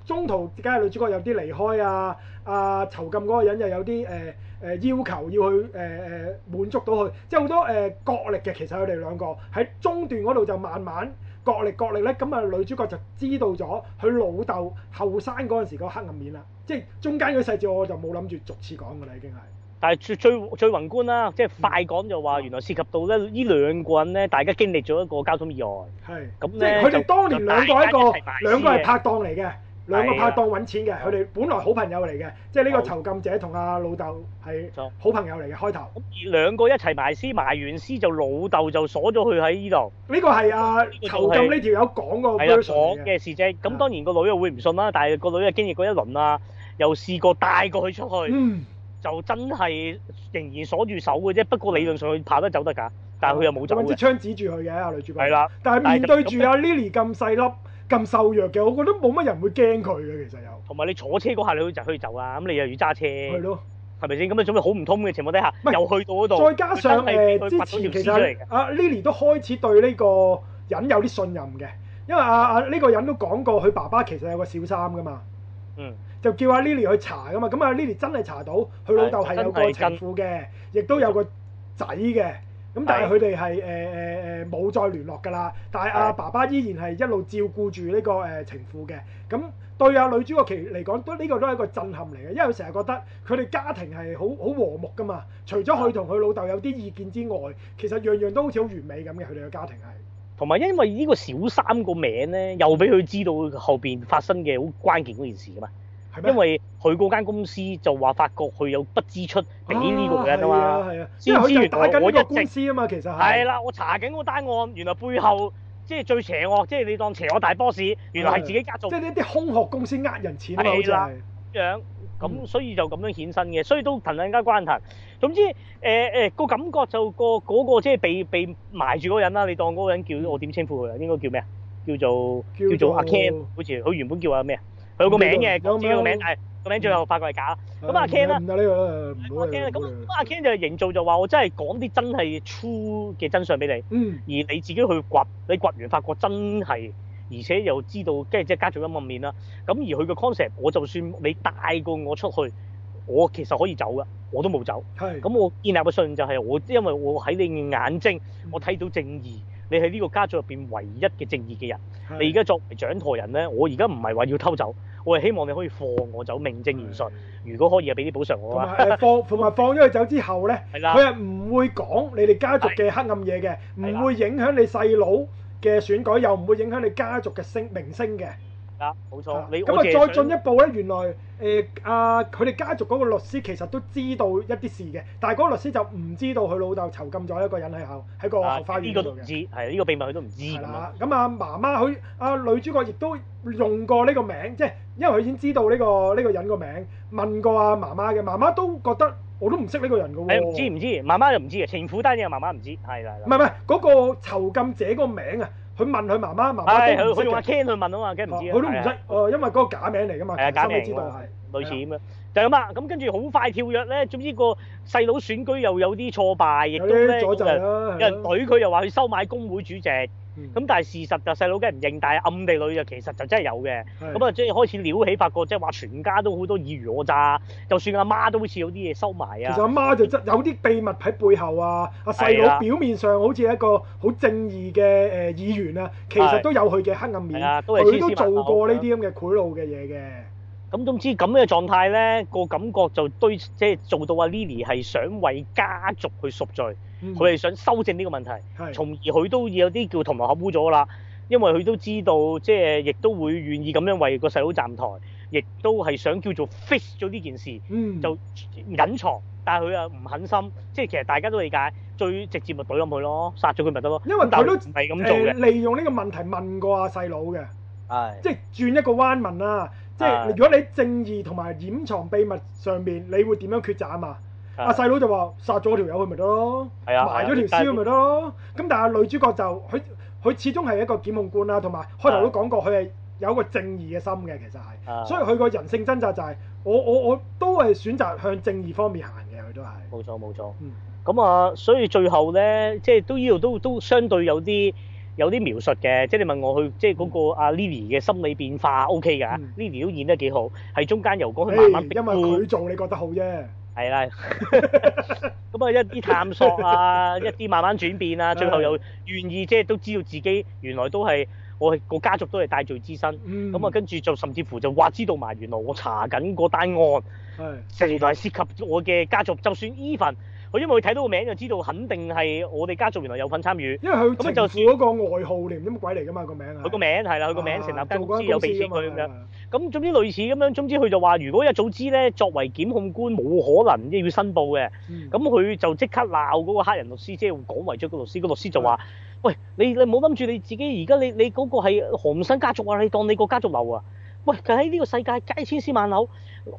中途，而家女主角有啲離開啊，阿、啊、囚禁嗰個人又有啲誒。呃誒、呃、要求要去誒誒、呃、滿足到佢，即係好多誒角、呃、力嘅。其實佢哋兩個喺中段嗰度就慢慢角力角力咧，咁啊女主角就知道咗佢老豆後生嗰陣時個黑暗面啦。即係中間嗰細節我就冇諗住逐次講㗎啦，已經係。但係最最最宏觀啦，即、就、係、是、快講、嗯、就話原來涉及到咧呢兩個人咧，大家經歷咗一個交通意外。係是。咁咧就大家即係佢哋當年兩個一個，兩個係拍檔嚟嘅。兩個拍檔揾錢嘅，佢哋、啊、本來好朋友嚟嘅，即係呢個囚禁者同阿老豆係好朋友嚟嘅開頭。兩個一齊埋屍，埋完屍就老豆就鎖咗佢喺呢度。呢個係啊個、就是、囚禁呢條友講嘅，講嘅、啊、事啫。咁當然個女又會唔信啦、啊，是啊、但係個女又經歷過一輪啦、啊，又試過帶過佢出去，嗯、就真係仍然鎖住手嘅啫。不過理論上佢跑得走得㗎，但係佢又冇走。有支槍指住佢嘅阿女主角。係啦，但係面對住阿、嗯、Lily 咁細粒。咁瘦弱嘅，我覺得冇乜人會驚佢嘅，其實有。同埋你坐車嗰下，你就可以走啊，咁你又要揸車。係咯的，係咪先？咁你總之好唔通嘅情況底下，咪又去到嗰度。再加上誒，之前其實阿 Lily 都開始對呢個人有啲信任嘅，因為阿阿呢個人都講過佢爸爸其實有個小三㗎嘛。嗯。就叫阿 Lily 去查㗎嘛，咁啊 Lily 真係查到佢老豆係有個情婦嘅，亦、啊、都有個仔嘅。咁、嗯、但係佢哋係誒誒誒冇再聯絡㗎啦。但係阿、啊、爸爸依然係一路照顧住呢、這個誒、呃、情婦嘅。咁、嗯、對阿女主角佢嚟講，都呢、這個都係一個震撼嚟嘅，因為佢成日覺得佢哋家庭係好好和睦㗎嘛。除咗佢同佢老豆有啲意見之外，其實樣樣都好似好完美咁嘅。佢哋個家庭係同埋，因為呢個小三個名咧，又俾佢知道後邊發生嘅好關鍵嗰件事㗎嘛。因為佢嗰間公司就話發覺佢有不支出俾呢個人啫嘛，先、啊啊啊啊、知原來我一直啊嘛，其實係。係啦、啊，我查緊嗰單案，原來背後即係最邪惡，即係你當邪惡大 boss，原來係自己家做。即係呢啲空殼公司呃人錢啦。係啊。樣咁，所以就咁樣衍生嘅，所以都騰緊加關係。總之，誒、呃、誒、欸嗰個感覺就、嗰個嗰、嗰個即係被被埋住嗰人啦。你當嗰個人叫我點稱呼佢啊？應該叫咩啊？叫做叫做阿 c a n 好似佢原本叫阿咩啊？佢有個名嘅，講自己個名，誒個、哎、名最後發覺係假。咁的阿 Ken 啦，咁阿 Ken，咁阿 Ken 就營造就話我真係講啲真係粗嘅真相俾你，嗯、而你自己去掘，你掘完發覺真係，而且又知道，跟住即係加咗陰暗面啦。咁而佢個 concept，我就算你帶過我出去，我其實可以走噶，我都冇走。係是。咁我建立嘅信就係我，因為我喺你嘅眼睛，我睇到正義。你係呢個家族入邊唯一嘅正義嘅人，你而家作為掌舵人咧，我而家唔係話要偷走，我係希望你可以放我走，名正言順。如果可以啊，俾啲補償我啊。同埋誒放，同埋放咗佢走之後咧，佢係唔會講你哋家族嘅黑暗嘢嘅，唔會影響你細佬嘅選舉，又唔會影響你家族嘅聲名聲嘅。冇、啊、錯，咁啊再進一步咧，啊、原來誒阿佢哋家族嗰個律師其實都知道一啲事嘅，但係嗰個律師就唔知道佢老豆囚禁咗一個人喺後喺個後花園度嘅、啊。啊呢個、知係呢、啊呢個秘密，佢都唔知。啦、啊，咁啊媽媽，佢阿女主角亦都用過呢個名，即係因為佢已經知道呢、呢個呢、呢個人個名，問過阿、啊、媽媽嘅，媽媽都覺得我都唔識呢個人嘅喎、啊啊。知唔知？媽媽就唔知嘅，情婦單嘅媽媽唔知。係啦、啊，唔係唔係嗰個囚禁者個名啊。佢問佢媽媽，媽媽佢同阿 Ken 去問啊嘛，梗唔知。佢、啊、都唔識。哦的、呃，因為嗰個假名嚟噶嘛。係的剛才 假名，知道係類似咁樣。就咁啦，咁跟住好快跳躍咧，總之個細佬選舉又有啲挫敗，亦都咧人、啊、有人懟佢，又話去收買工會主席。咁、嗯、但係事實就細佬梗係唔認，但係暗地裏就其實就真係有嘅。咁啊的，即係開始撩起發覺，即係話全家都好多爾虞我詐，就算阿媽都好似有啲嘢收埋。啊。其實阿媽就真有啲秘密喺背後啊！阿細佬表面上好似一個好正義嘅誒議員啊，其實都有佢嘅黑暗面，佢都他也做過呢啲咁嘅賄賂嘅嘢嘅。咁總之咁嘅狀態咧，個感覺就對，即、就、係、是、做到阿 Lily 係想為家族去贖罪，佢係、嗯、想修正呢個問題，是從而佢都有啲叫同流合污咗啦。因為佢都知道，即係亦都會願意咁樣為個細佬站台，亦都係想叫做 fix 咗呢件事，嗯、就隱藏。但佢又唔狠心，即係其實大家都理解，最直接咪懟冧佢咯，殺咗佢咪得咯。因為佢都係咁做嘅、呃。利用呢個問題問過阿細佬嘅，是即係轉一個彎問啊。即係如果你喺正義同埋掩藏秘密上面，你會點樣抉擇啊嘛？阿細佬就話殺咗條友佢咪得咯，埋咗條屍咪得咯。咁但係女主角就佢佢始終係一個檢控官啦，同埋開頭都講過佢係有一個正義嘅心嘅，其實係。所以佢個人性掙扎就係我我我都係選擇向正義方面行嘅，佢都係。冇錯冇錯。嗯，咁啊，所以最後咧，即係都依度都都相對有啲。有啲描述嘅，即係你問我去，即係嗰個阿 Lily 嘅心理變化，O K 㗎，Lily 都演得幾好，係中間由講佢慢慢逼到 hey, 因為佢做你覺得好啫，係啦的，咁啊 一啲探索啊， 一啲慢慢轉變啊，最後又願意即係都知道自己原來都係我係個家族都係帶罪之身，咁啊、嗯、跟住就甚至乎就話知道埋原來我查緊個單案，成日、嗯、涉及我嘅家族， 就算 Even。佢因為佢睇到個名就知道肯定係我哋家族原來有份參與，因為佢咁啊就嗰個外號、就是、你唔知乜鬼嚟㗎嘛個名，名，名啊！佢個名係啦，佢個名成立間公司有避險佢咁樣。咁總之類似咁樣，總之佢就話：如果一早知咧，作為檢控官冇可能要申報嘅。咁佢、嗯、就即刻鬧嗰個黑人律師，即係港籍嗰個律師。個律師就話：的喂，你你冇諗住你自己而家你你嗰個係何氏家族啊？你當你個家族流啊？喂！喺呢個世界，街千絲萬縷，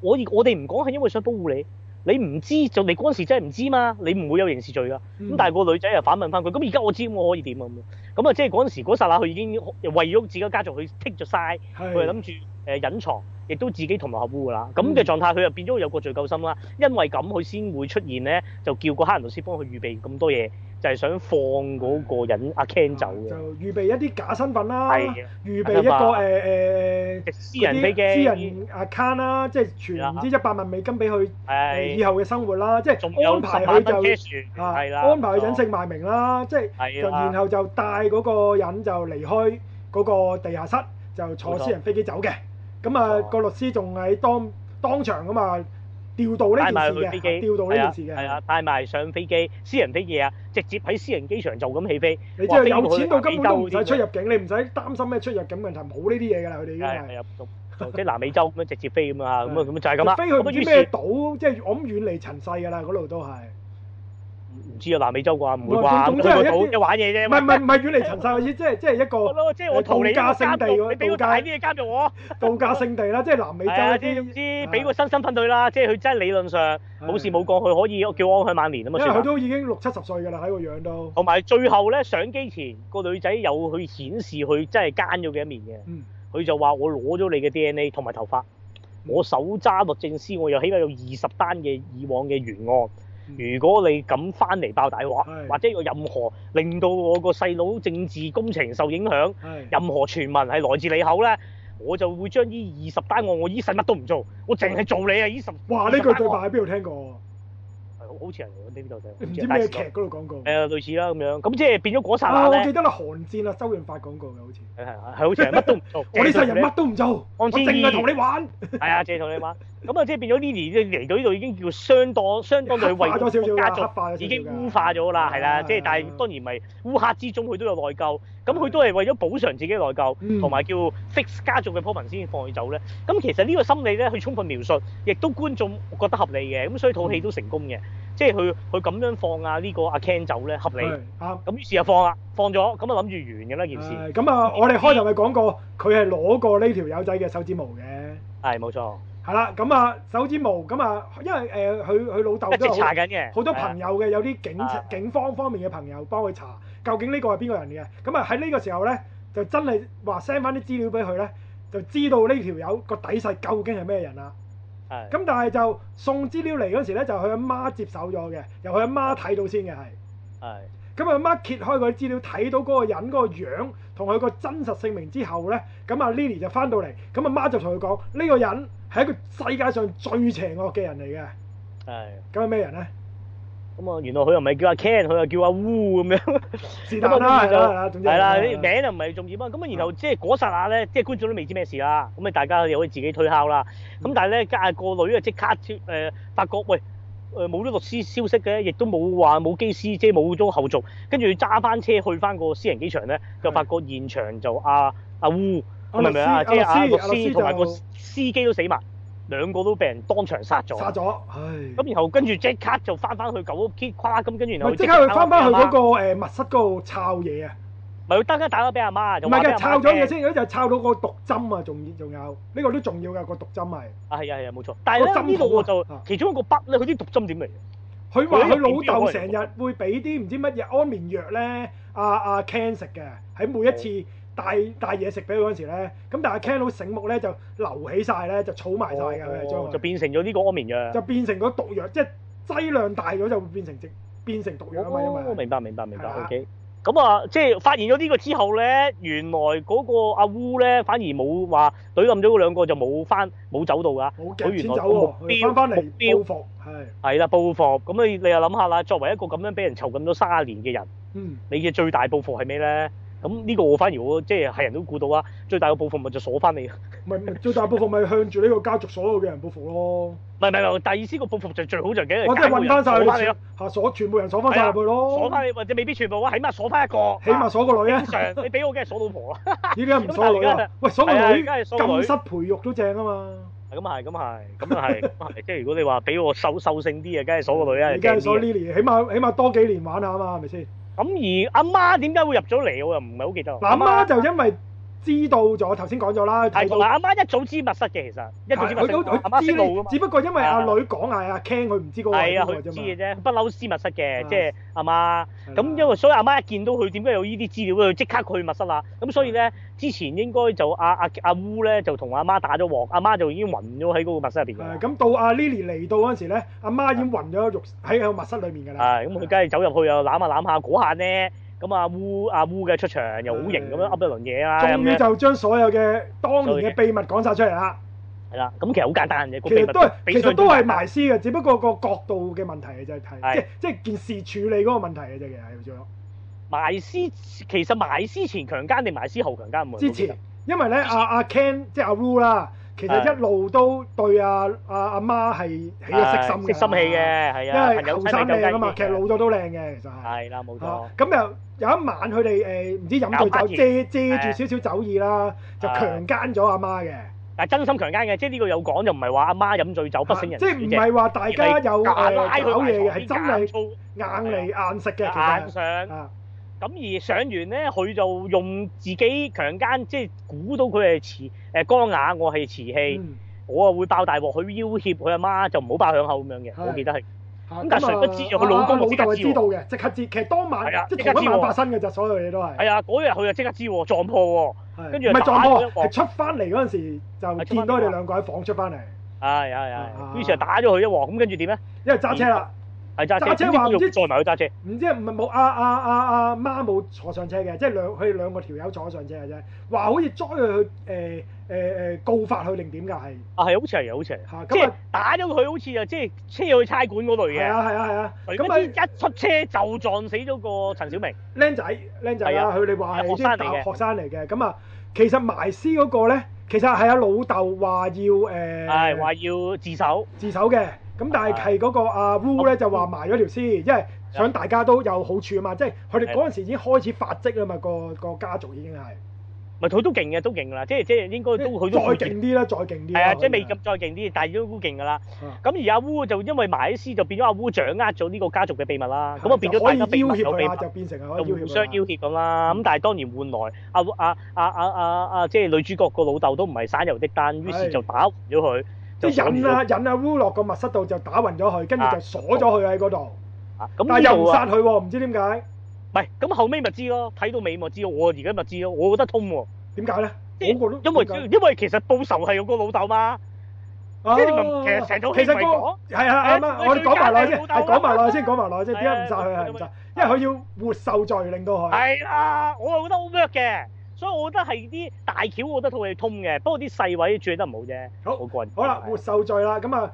我我哋唔講係因為想保護你。你唔知就你嗰陣時真係唔知嘛，你唔會有刑事罪噶。咁、嗯、但係個女仔又反問翻佢，咁而家我知，我可以點啊？咁啊，即係嗰陣時嗰剎那，佢已經為咗自己家族去剔咗晒。佢係諗住誒隱藏，亦是都自己同流合污㗎啦。咁嘅狀態，佢又變咗有個罪疚心啦。嗯、因為咁，佢先會出現咧，就叫個黑人律師幫佢預備咁多嘢。就係想放嗰個人阿 Ken 走嘅，就預備一啲假身份啦，預備一個誒誒私人飛機、私人 account 啦，即係存唔知一百萬美金俾佢以後嘅生活啦，即係安排佢就啊安排佢隱姓埋名啦，即係就然後就帶嗰個人就離開嗰個地下室，就坐私人飛機走嘅。咁啊，個律師仲喺當當場㗎嘛？調到呢件事嘅，調到呢件事嘅，係啊，帶埋上飛機，私人飛機啊，直接喺私人機場就咁起飛。你即係有錢到根本都唔使出入境，你唔使擔心咩出入境問題，冇呢啲嘢噶啦，佢哋已經係。即係南美洲咁樣直接飛咁啊，咁啊，就係咁啦。飛去啲咩島？即係我咁遠離塵世噶啦，嗰度都係。知啊南美洲啩，唔會話唔會。一玩嘢啫。唔係唔係唔係遠離塵世，嘅即係即係一個。即係我度假聖地喎。你俾個大啲嘅監獄我。度假聖地啦，即係南美洲。總之，俾個新身份佢啦，即係佢真係理論上冇事冇過，佢可以叫安享晚年啊嘛。佢都已經六七十歲㗎啦，喺個樣都。同埋最後咧，上機前個女仔有去顯示佢真係奸咗嘅一面嘅。佢就話：我攞咗你嘅 DNA 同埋頭髮，我手揸律政司，我又起碼有二十單嘅以往嘅原案。如果你敢翻嚟爆大話，或者有任何令到我個細佬政治工程受影響，任何傳聞係來自你口咧，我就會將呢二十單案，我依世乜都唔做，我淨係做你啊！依十，哇！呢句對話喺邊度聽過？係好好似係嚟唔知邊度聽，唔知咩劇嗰度講過。誒，類似啦咁樣，咁即係變咗嗰剎咧。啊，我記得啦，《寒戰》啦，周潤發講過嘅好似。係係好似係乜都唔做，我呢世人乜都唔做，我淨係同你玩。係啊，淨係同你玩。咁啊，即係變咗 Lily 嚟到呢度已經叫相當相當為咗家族已經污化咗啦，係啦，即係但係當然唔係烏黑之中佢都有內疚，咁佢的都係為咗補償自己內疚，同埋的叫 fix 家族嘅 problem 先至放佢走咧。咁、嗯、其實呢個心理咧，佢充分描述，亦都觀眾覺得合理嘅，咁所以套戲都成功嘅，嗯、即係佢佢咁樣放阿、啊、呢個阿 Ken 走咧合理，咁的於是就放啦，放咗，咁啊諗住完嘅啦，件事。咁啊，的我哋開頭咪講過佢係攞過呢條友仔嘅手指毛嘅，係冇錯。係啦，咁啊、嗯、手指毛咁啊，因為誒佢佢老豆都查緊嘅，好多朋友嘅，的有啲警的警方方面嘅朋友幫佢查究竟呢個係邊個人嘅。咁啊喺呢個時候咧，就真係話 send 翻啲資料俾佢咧，就知道呢條友個底細究竟係咩人啦。咁的，但係就送資料嚟嗰時咧，就佢阿媽接手咗嘅，由佢阿媽睇到先嘅係。係咁啊，嗯、阿媽揭開嗰啲資料，睇到嗰個人嗰個樣同佢個真實姓名之後咧，咁啊 Lily 就翻到嚟，咁阿媽就同佢講呢個人，係一個世界上最邪惡嘅人嚟嘅。係的。咁係咩人咧？咁啊，原來佢又唔係叫阿 Ken，佢又叫阿 Wu 咁樣。 咁啊， 咁啊，你名又唔係重要啊。咁啊的，然後即係嗰霎下咧，即係觀眾都未知咩事啦。咁啊，大家又可以自己推敲啦。咁、嗯、但係咧，家、那、下個女啊，即刻誒發覺，喂，誒冇咗律師消息嘅，亦都冇話冇機師，即係冇咗後續。跟住揸翻車去翻個私人機場咧，就發覺現場就阿阿烏。的係咪啊？即係阿司同埋個司機都死埋，兩個都被人當場殺咗。殺咗，唉！咁然後跟住即刻就翻翻去舊屋揭垮，咁跟住。唔係即刻去翻翻去嗰個密室嗰度摷嘢啊！咪佢得家打咗俾阿媽唔係，摷咗嘢先，如果就摷到個毒針啊，仲仲有呢個都重要嘅個毒針係。啊，係啊，係啊，冇錯。但係咧呢度就其中一個筆咧，嗰啲毒針點嚟？佢話佢老豆成日會俾啲唔知乜嘢安眠藥咧，阿阿 Ken 食嘅喺每一次。大大嘢食俾佢嗰時咧，咁但係 Ken 醒目咧，就留起曬咧，就儲埋曬㗎，就變成咗呢個安眠藥，就變成個毒藥，即係劑量大咗就會變成變成毒藥。明白明白明白的，OK，咁啊，即係發現咗呢個之後咧，原來嗰個阿烏咧反而冇話懟冧咗嗰兩個，就冇翻冇走到㗎，冇勁夾，走喎，翻翻嚟，報復，係係啦，報復。咁你你又諗下啦，作為一個咁樣俾人囚禁咗卅年嘅人，嗯，你嘅最大報復係咩咧？咁呢個我反而我即係人都估到啊！最大嘅報復咪就鎖翻你，唔係最大報復咪向住呢個家族所有嘅人報復咯。唔係唔係第二思個報復就最好就嘅。人？我即係運翻曬佢嘅錢，嚇鎖全部人鎖翻晒入去咯。鎖翻你或者未必全部，啊。起碼鎖翻一個。起碼鎖個女啊。你俾我梗係鎖老婆啦！你你唔鎖個女啊？喂，鎖個女，梗係禁室培育都正啊嘛！咁啊係，咁啊係，咁啊即係如果你話俾我瘦瘦性啲嘅，梗係鎖個女啊。你梗係鎖呢年，起碼起碼多幾年玩下啊嘛，係咪先？咁而阿媽點解會入咗嚟？我又唔係好記得啦。阿媽就因為。知道咗，頭先講咗啦，睇到阿媽一早知密室嘅，其實一早知，佢都佢知路噶嘛。只不過因為阿女講係阿 Ken，佢唔知嗰個位嚟啫佢知嘅啫，不嬲知密室嘅，即係阿媽。咁因為所以阿媽一見到佢，點解有呢啲資料，佢即刻去密室啦。咁所以咧，之前應該就阿阿阿烏咧就同阿媽打咗鑊，阿媽就已經暈咗喺嗰個密室入邊。咁到阿 Lily 嚟到嗰陣時咧，阿媽已經暈咗喺個密室裡面㗎啦。係，咁佢梗係走入去又攬下攬下，嗰下咧。咁阿烏阿烏嘅出場又好型咁樣噏一輪嘢啦，終於就將所有嘅當年嘅秘密講晒出嚟啦。係、okay. 啦，咁其實好簡單嘅、那個，其實都係其實都係埋屍嘅，只不過個角度嘅問題嘅就係睇即即件事處理嗰個問題嘅啫，其實最後埋屍其實埋屍前強姦定埋屍後強姦冇？之前因為咧，阿阿、啊啊啊、Ken 即阿烏、啊啊、啦。其實一路都對阿阿阿媽係起咗色心嘅，色心氣嘅，係啊，因為後生靚啊嘛，其實老咗都靚嘅，其實係。係啦，冇錯。咁又有一晚佢哋誒唔知飲醉酒，借借住少少酒意啦，就強姦咗阿媽嘅。但係真心強姦嘅，即係呢個有講，就唔係話阿媽飲醉酒不省人事嘅。即係唔係話大家有嗌拉搞嘢，係真係硬嚟硬食嘅。硬上。咁而上完咧，佢就用自己強姦，即係估到佢係瓷誒光雅，我係瓷器，我啊會爆大鑊，佢要挾佢阿媽，就唔好爆響口咁樣嘅。我記得係。咁但係誰不知佢老公老豆知道嘅，即刻知。其實當晚係啊，即刻知喎。發生嘅就所有嘢都係。係啊，嗰日佢就即刻知喎，撞破喎。跟住唔係撞破，係出翻嚟嗰陣時就見到佢哋兩個喺房出翻嚟。係啊係啊，於是打咗佢一鑊，咁跟住點咧？因為揸車啦。係揸車，唔知點解要載埋佢揸車。唔知唔係冇阿阿阿阿媽冇坐上車嘅，即係兩佢兩個條友坐上車嘅啫。話好似捉佢去誒誒誒告發佢定點㗎係？啊係，好似係，好似係。即係打咗佢，好似就即係車去差館嗰類嘅。係啊係啊係啊！咁啊一出車就撞死咗個陳小明。僆仔僆仔啊！佢哋話係啲學生嚟嘅。學生嚟嘅咁啊，其實埋屍嗰個咧，其實係阿老豆話要誒話要自首。自首嘅。咁但係係嗰個阿烏咧就話埋咗條屍，因為想大家都有好處啊嘛，即係佢哋嗰陣時已經開始發跡啊嘛，個個家族已經係，咪佢都勁嘅，都勁啦，即係即係應該都佢都再勁啲啦，再勁啲，係啊，即係未咁再勁啲，但已係都勁噶啦。咁而阿烏就因為埋咗屍，就變咗阿烏掌握咗呢個家族嘅秘密啦。咁啊變咗大家秘密有秘密，就互相要挾咁啦。咁但係當然換來阿阿阿阿阿即係女主角個老豆都唔係省油的燈，於是就打咗佢。啲忍啊，忍啊，烏落個密室度就打暈咗佢，跟住就鎖咗佢喺嗰度，但係又唔殺佢，唔知點解。唔係，咁後尾咪知咯，睇到尾咪知咯。我而家咪知咯，我覺得通喎。點解咧？因為因為其實報仇係個老豆嘛。即係你咪，其實成其實個係啊，啱啊。我哋講埋耐先，係講埋耐先，講埋耐先。點解唔殺佢啊？唔殺，因為佢要活受罪，令到佢。係啦，我啊覺得 OK。所以我覺得係啲大橋，我覺得同佢通嘅，不過啲細位處理得唔好啫。好，好啦，是沒受罪啦。咁啊，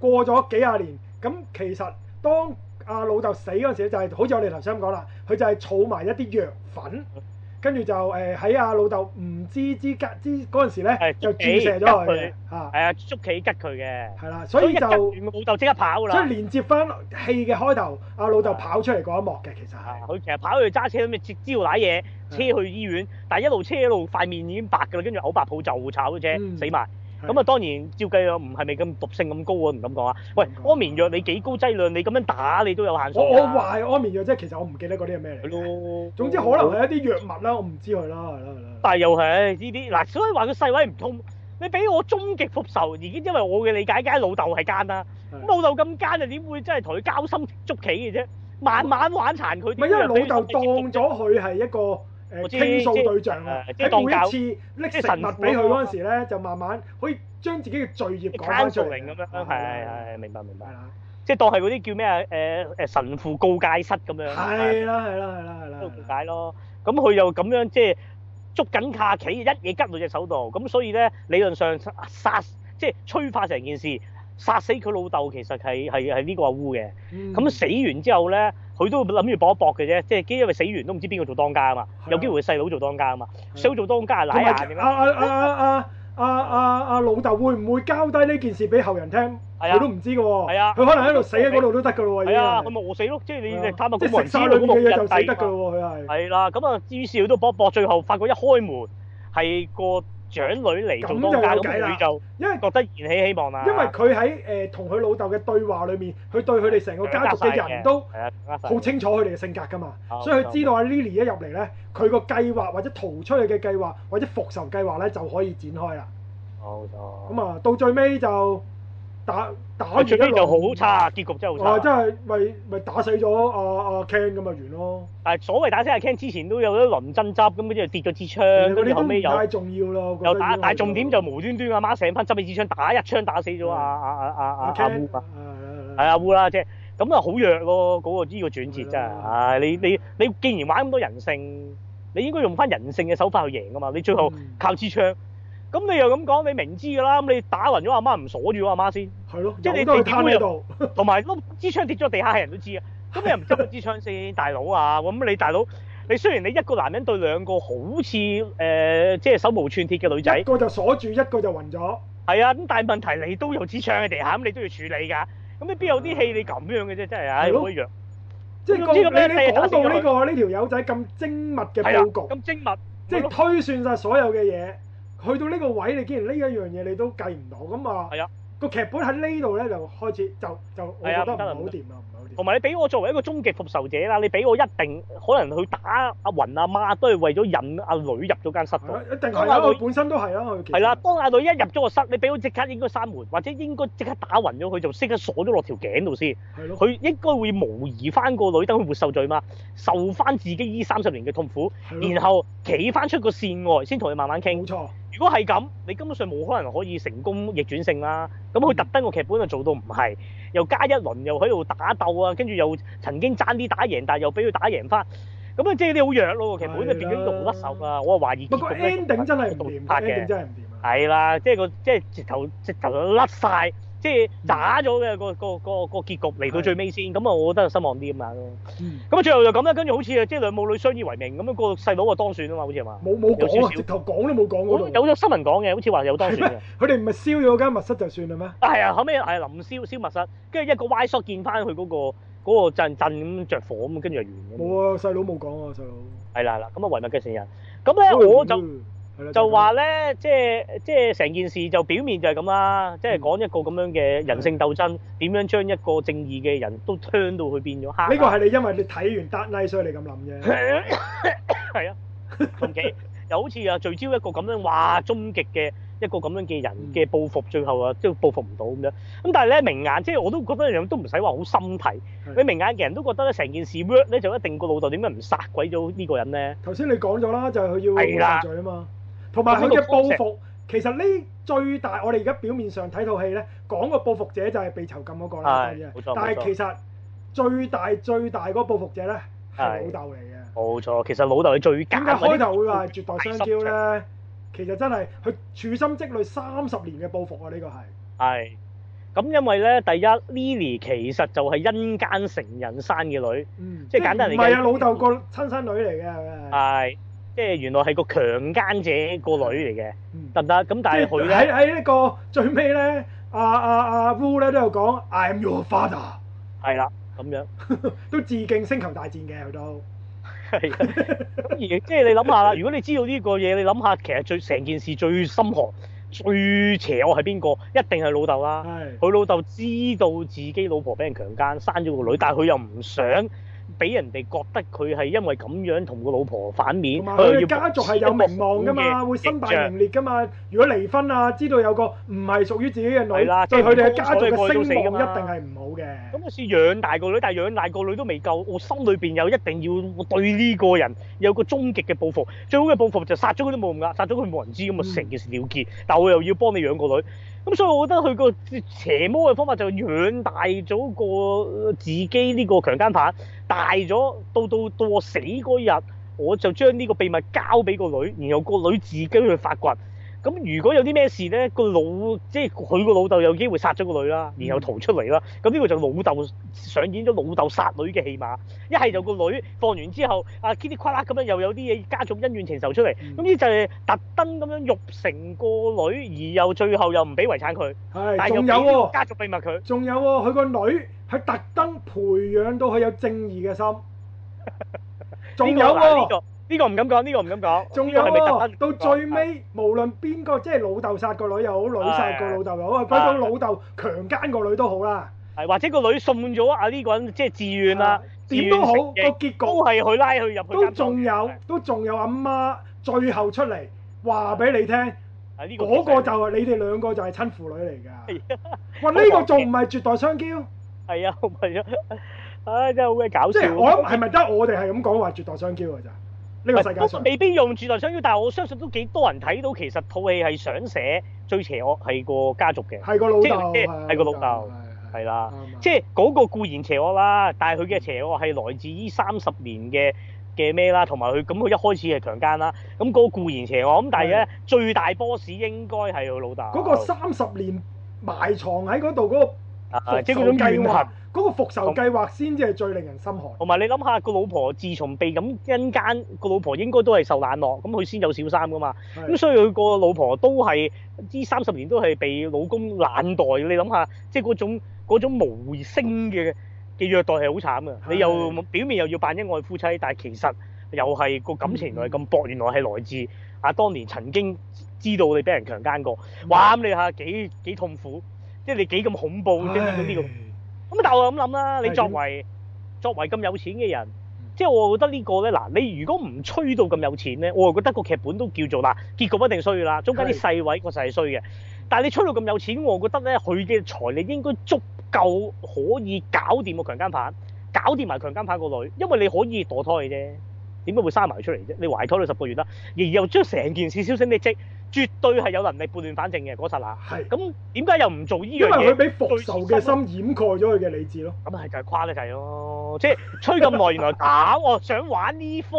過咗幾廿年，咁其實當阿老豆死嗰陣時，就係、是、好似我哋頭先咁講啦，佢就係儲埋一啲藥粉。嗯跟住就誒喺阿老豆唔知之間之嗰陣時咧，就注射咗佢嚇，係啊捉企拮佢嘅，係啦，所以就所以老豆即刻跑啦，即係連接翻戲嘅開頭，阿老豆跑出嚟嗰一幕嘅，其實係佢其實跑去揸車咁咪接招攋嘢，車去醫院，的但係一路車一路塊面已經白㗎啦，跟住嘔白泡就炒咗車、嗯、死埋。咁啊，是當然照計啊，唔係咪咁毒性咁高啊？唔敢講啊。喂，的安眠藥你幾高劑量？你咁樣打你都有限數，啊我。我我懷安眠藥啫，其實我唔記得嗰啲係咩嚟。咯。總之可能係一啲藥物啦，我唔知佢啦，係啦係啦。但又係呢啲嗱，所以話佢世位唔通，你俾我終極復仇，已經因為我嘅理解，梗老豆係奸啦。老豆咁奸啊，點的會真係同佢交心捉棋嘅啫？慢慢玩殘佢。咪我因為老豆當咗佢係一個。傾訴對象啊！喺每一次拎食物俾佢嗰陣時咧，就慢慢可以將自己嘅罪孽講翻出嚟咁樣。係係係，明白明白。即係了當係嗰啲叫咩啊？誒、呃、誒，神父告解室咁樣。係啦係啦係啦係啦。解咯。咁佢又咁樣即係、就是、捉緊下棋，一嘢拮到隻手度。咁所以咧，理論上殺即係催化成件事。殺死佢老豆其實係係係呢個阿污嘅，咁死完之後咧，佢都諗住搏一搏嘅啫，即係因為死完都唔知邊個做當家啊嘛，有機會細佬做當家啊嘛，細佬做當家係賴眼嘅咩？啊啊啊啊啊，老豆會唔會交低呢件事俾後人聽？佢都唔知㗎喎。係啊，佢可能喺度死喺嗰度都得㗎啦喎。係啊，佢咪餓死咯？即係你探一毫釐。即係食曬兩樣嘢就死得㗎啦喎！佢係。係啦，咁啊，於是佢都搏一搏，最後發覺一開門係個長女嚟當家咁就冇計啦，因為覺得燃起希望啦。因為佢喺誒同佢老豆嘅對話裏面，佢對佢哋成個家族嘅人都好清楚佢哋嘅性格噶嘛，所，所，所以佢知道阿 Lily 一入嚟呢，佢個計劃或者逃出去嘅計劃或者復仇計劃呢，就可以展開啦。冇錯的。咁啊，到最尾就打。打住屘就好差，結局真係好差。真係咪咪打死咗阿阿 Ken 咁啊？完咯。誒，所謂打死阿 Ken 之前都有啲輪爭執咁，嗰啲跌咗支槍，咁後尾又打，但係重點就無端端阿媽醒返執起支槍打一槍打死咗阿阿阿阿阿 Ken 係阿烏啦，即係咁啊！好弱咯，嗰個呢個轉折真係唉！你你你既然玩咁多人性，你應該用翻人性嘅手法去贏啊嘛！你最後靠支槍，咁你又咁講，你明知㗎啦，咁你打暈咗阿媽，唔鎖住阿媽先。係咯，即係你你點樣？同埋碌支槍跌咗地下，係人都知啊。咁你又唔執支槍先，大佬啊！咁你大佬，你雖然你一個男人對兩個好似誒，即係手無寸鐵嘅女仔，一個就鎖住，一個就暈咗。係啊，咁但係問題你都有支槍喺地下，咁你都要處理㗎。咁你邊有啲戲你咁樣嘅啫？真係唉，好弱。即係個你你講到呢個呢條友仔咁精密嘅佈局，咁精密，即係推算晒所有嘅嘢，去到呢個位，你竟然呢一樣嘢你都計唔到，㗎嘛。係啊。個劇本喺呢度咧就開始就就，我覺得唔好掂啦，唔好掂。同埋你俾我作為一個終極復仇者啦，你俾我一定可能去打阿雲阿媽，媽都係為咗引阿女入咗間室度。一定係啦，我，我本身都係啦，我其實。係啦，當阿女一入咗個室，你俾我即刻應該閂門，或者應該即刻打暈咗佢，就即刻鎖咗落條頸度先。佢的應該會模擬翻個女，等佢活受罪嘛，受翻自己依三十年嘅痛苦，的然後企翻出個線外先同佢慢慢傾。冇錯。如果係咁，你根本上冇可能可以成功逆轉勝啦。咁佢特登個劇本就做到唔係，又加一輪，又喺度打鬥啊，跟住又曾經爭啲打贏，但又俾佢打贏翻。咁啊，即係你好弱咯，劇本就變咗啲無甩手啦。我係懷疑結局。個 ending 真係唔掂，ending 真係唔掂。係啦，即係個即係直頭直頭甩晒。即係打咗嘅個個個個結局嚟到最尾先，咁啊，我覺得失望啲啊嘛。咁啊，最後就咁樣。跟住好似即係兩母女相依為命咁、那個、啊，個細佬個當選啊嘛，好似係嘛。冇冇講啊！直頭講都冇講嗰度有咗新聞講嘅，好似話有當選嘅。係咩？佢哋唔係燒咗間密室就算啦咩？啊係啊，後尾係、啊、林燒燒密室，跟住一個歪索見翻佢嗰個嗰、那個陣陣咁着火咁，跟住就完咗。冇啊，細佬冇講啊，細佬、啊。係啦係啦，咁啊遺密繼承人咁誒，唉我就。就話咧，即係即係成件事就表面就係咁啦，即係講一個咁樣嘅人性鬥爭，點樣將一個正義嘅人都㗱到佢變咗黑？呢個係你因為你睇完《Dark Knight》，所以你咁諗嘅。係啊，OK。又好似啊， 聚焦一個咁樣話終極嘅一個咁樣嘅人嘅報復，嗯、最後啊，即係報復唔到咁樣。咁但係咧，明眼即係、就是、我都覺得樣都唔使話好心提你是明眼嘅人都覺得咧，成件事 work 咧就一定個老豆點解唔殺鬼咗呢個人咧？頭先你講咗啦，就係、是、佢要入罪啊嘛。同埋佢嘅報復，其實呢最大，我哋而家表面上睇套戲咧，講個報復者就係被囚禁嗰個啦。係，但係其實最大最大嗰個報復者咧，係老豆嚟嘅。冇錯，其實老豆係最夾。點解開頭會話絕代雙驕咧？其實真係佢處心積慮三十年嘅報復啊！呢個係。係。咁因為咧，第一 Lily 其實就係陰間成人生嘅女，即係簡單嚟講，唔係啊，老豆個親生女嚟嘅。係。即係原來係個強姦者個女嚟嘅，得唔得？咁但係佢喺喺呢個最尾咧，阿阿阿 Wu 咧都有講 I am your father。係啦，咁樣 都致敬星球大戰嘅佢都。而即係你諗下啦，如果你知道呢個嘢，你諗下其實最成件事最心寒、最邪惡係邊個？一定係老豆啦。係佢是老豆知道自己老婆俾人強姦，生咗個女，嗯、但係佢又唔想。俾人哋覺得佢係因為咁樣同個老婆反面，佢家族係有名望噶嘛，會身敗名裂噶嘛。如果離婚啊，知道有個唔係屬於自己嘅女，即係對佢哋嘅家族嘅聲望一定係唔好嘅。咁我試養大個女，但係養大個女都未夠，我心裏邊又一定要我對呢個人有個終極嘅報復。最好嘅報復就殺咗佢都冇用噶，殺咗佢冇人知，咁啊成件事了結。但係我又要幫你養個女。咁所以，我覺得佢個邪魔嘅方法就養大咗個自己呢個強姦犯，大咗到到到我死嗰日，我就將呢個秘密交俾個女，然後個女自己去發掘。咁如果有啲咩事咧，個老即係佢個老豆有機會殺咗個女啦，然後逃出嚟啦。咁呢、嗯、個就係老豆上演咗老豆殺女嘅戲碼。係一係就個女放完之後，啊，噼里啪啦咁樣又有啲嘢家族恩怨情仇出嚟。咁呢、嗯、就係特登咁樣育成個女，而又最後又唔俾遺產佢。係是，但係仲有喎，家族秘密佢。仲有喎，佢個女係特登培養到佢有正義嘅心。仲 有喎。呢個唔敢講，呢個唔敢講。仲有喎，到最尾，無論邊個即係老豆殺個女又好，女殺個老豆又好，佢當老豆強奸個女都好啦。係或者個女送咗啊？呢個人即係自願啦。點都好，個結果都係佢拉佢入去。都仲有，都仲有阿媽最後出嚟話俾你聽，嗰個就係你哋兩個就係親父女嚟㗎。哇！呢個仲唔係絕代雙驕？係啊，我問咗。唉，真係好鬼搞笑。我諗我係咪得我哋係咁講話絕代雙驕㗎？咋？不都未必用住台雙要，但係我相信都幾多人睇到，其實套戲係想寫最邪惡係個家族嘅，係個老豆啊，係個老豆，係啦，即係嗰、嗰個固然邪惡啦，但係佢嘅邪惡係來自於三十年嘅嘅咩啦，同埋佢咁佢一開始係強奸啦，咁、嗰、嗰個固然邪惡，咁但係咧的最大 boss 應該係佢老豆。嗰個三十年埋藏喺嗰度嗰個、啊、即係嗰種基嗰個復仇計劃先至係最令人心寒同，同埋你諗下，個老婆自從被咁姦奸，個老婆應該都係受冷落，咁佢先有小三㗎嘛？咁是的 所以佢個老婆都係呢三十年都係被老公冷待。你諗下，即係嗰種嗰種無聲嘅嘅虐待係好慘啊。是的 你又表面又要扮恩愛夫妻，但係其實又係個感情原咁薄，嗯、原來係來自啊當年曾經知道你俾人強姦過。是的 哇！咁你下幾幾痛苦，即係你幾咁恐怖。即呢、這個。咁但我咁諗啦，你作為作為咁有錢嘅人，即係我覺得個呢個咧，嗱，你如果唔吹到咁有錢咧，我覺得個劇本都叫做啦，結局不一定衰噶啦，中間啲細位確實係衰嘅。的但你吹到咁有錢，我覺得咧，佢嘅財力應該足夠可以搞掂個強奸犯，搞掂埋強奸犯個女，因為你可以墮胎嘅啫，點解會生埋出嚟啫？你懷胎都十個月啦，而又將成件事銷聲匿跡。絕對係有能力撥亂反正嘅，嗰剎啦，係咁，點解又唔做呢樣嘢？因為佢俾復仇嘅心掩蓋咗佢嘅理智咯。咁係就係誇得滯咯，即係 吹咁耐，原來假喎， 我想玩呢科。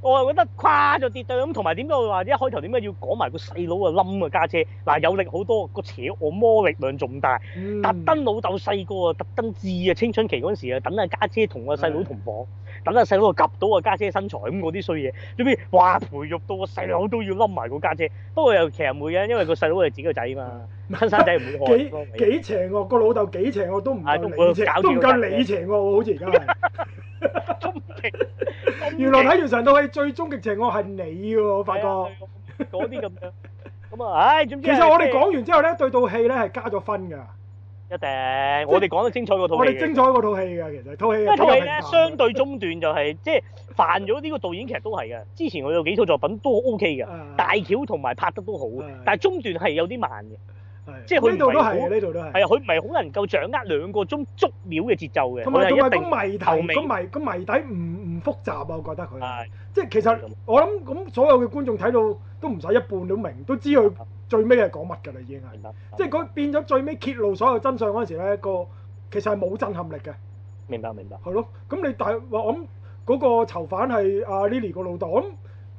我係覺得跨咗跌對咁，同埋點解我話一開頭點解要講埋個細佬啊，冧個家姐嗱，有力好多個邪惡魔力量仲大。嗯、特登老豆細個啊，特登智啊，青春期嗰陣時啊等下家姐同個細佬同房，等下細佬啊夾到啊家姐身材咁嗰啲衰嘢，最尾話培育到個細佬都要冧埋個家姐，不過又其實唔會嘅，因為個細佬係自己個仔啊嘛。嗯、親生仔唔會 幾。幾邪老，幾邪喎，個老豆幾邪喎，都唔夠你邪，都唔夠你邪喎好似而家。終極， 原來睇完成套戲，最終極情我係你喎，發覺講啲咁樣，咁啊， 唉，總之，其實我哋講完之後咧，對套戲咧係加咗分噶，一定。我哋講得精彩嗰套，我哋精彩嗰套戲嘅，其實套戲。套戲咧，相對中段就係即係煩咗呢個導演，其實都係嘅。之前佢有幾套作品都 O K 嘅，uh, 大橋同埋拍得都好，uh, 但係中段係有啲慢嘅。即係佢呢度都係，呢度都係。係啊，佢唔係好能夠掌握兩個鐘足秒嘅節奏嘅。同埋佢個謎頭，個謎個謎底唔唔複雜啊，我覺得佢。係。即係其實我諗，咁所有嘅觀眾睇到都唔使一半都明，都知佢最尾係講乜㗎啦，已經係。明白。即係嗰變咗最尾揭露所有真相嗰陣時咧，個其實係冇震撼力嘅。明白，明白。係咯，咁你大話我諗嗰個囚犯係阿 Lily 個老豆，我諗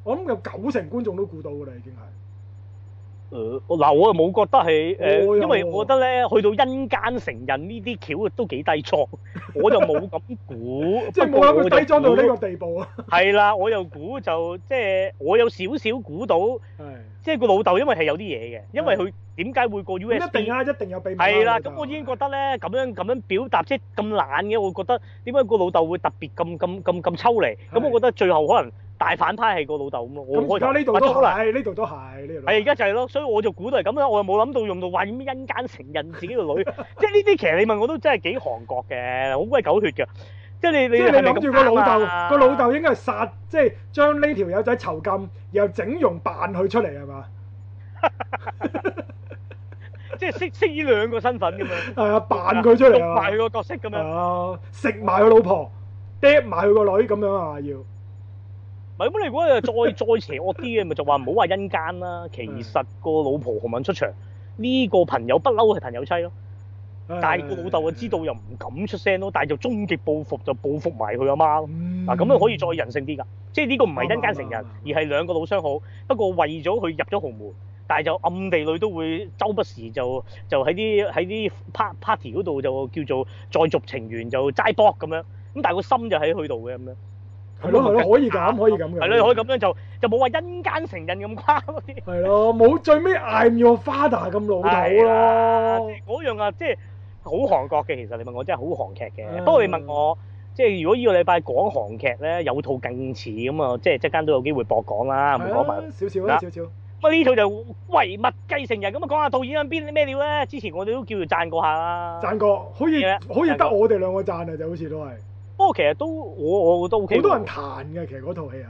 我諗有九成觀眾都估到㗎啦，已經係。誒嗱、呃，我又冇覺得係誒，呃 oh, yeah. 因為我覺得咧，去到陰間承人呢啲橋都幾低裝，我就冇咁估， 我 即係冇啦，佢低裝到呢個地步啊！係 啦，我又估就即係我有少少估到，即係個 老豆因為係有啲嘢嘅，因為佢點解會過 USB 一定啊， 一定有秘密。係啦， 咁我已經覺得咧，咁樣咁樣表達即係咁懶嘅，我覺得點解個老豆會特別咁咁咁咁抽離？咁我覺得最後可能。大反派係個老豆，咁我覺得呢度都係呢度都係呢度。係而家就係咯，所以我就估到係咁啦。我又冇諗到用到揾陰間承認自己個女，即係呢啲其實你問我都真係幾韓國嘅，好鬼狗血㗎。即係你你諗住個老豆，個老豆應該係殺，即係將呢條友仔囚禁，然後整容扮佢出嚟係嘛，即係識識呢兩個身份咁樣。係啊，扮佢出嚟，扮佢個角色咁樣。啊，食埋佢老婆，爹埋佢個女咁樣啊要。咁你如果再再邪惡啲嘅，咪就話唔好話陰間啦。其實個老婆豪敏出場，呢個朋友不嬲係朋友妻咯。但係個老豆就知道又唔敢出聲咯。但係就終極報復就報復埋佢阿媽咯。嗱咁都可以再人性啲㗎，即係呢個唔係陰間成人，而係兩個老相好。不過為咗佢入咗豪門，但係就暗地裏都會周不時就就喺啲喺啲 party party 嗰度就叫做再續情緣就齋搏咁樣。咁但係個心就喺佢度嘅咁樣。係咯，係可以咁，可以咁嘅。係咯，可以咁樣，樣，樣，樣做，就冇話因間成人咁誇嗰啲。係咯，冇 最尾 I'm your father 咁老土咯。嗰樣啊，即係好韓國嘅。其實你問我真係好韓劇嘅。了不過你問我，即係如果呢個禮拜講韓劇咧，有套近似咁啊，即係即間都有機會播講啦。唔了少少啦，了少少。不過呢套就遺密繼承人咁啊，講下導演有邊啲咩料咧？之前我哋都叫佢讚過下啦。讚過，可以，了可以得我哋兩個讚啊，就好似都係。不過其實都我我覺得都 OK，好多人彈嘅其實嗰套戲係。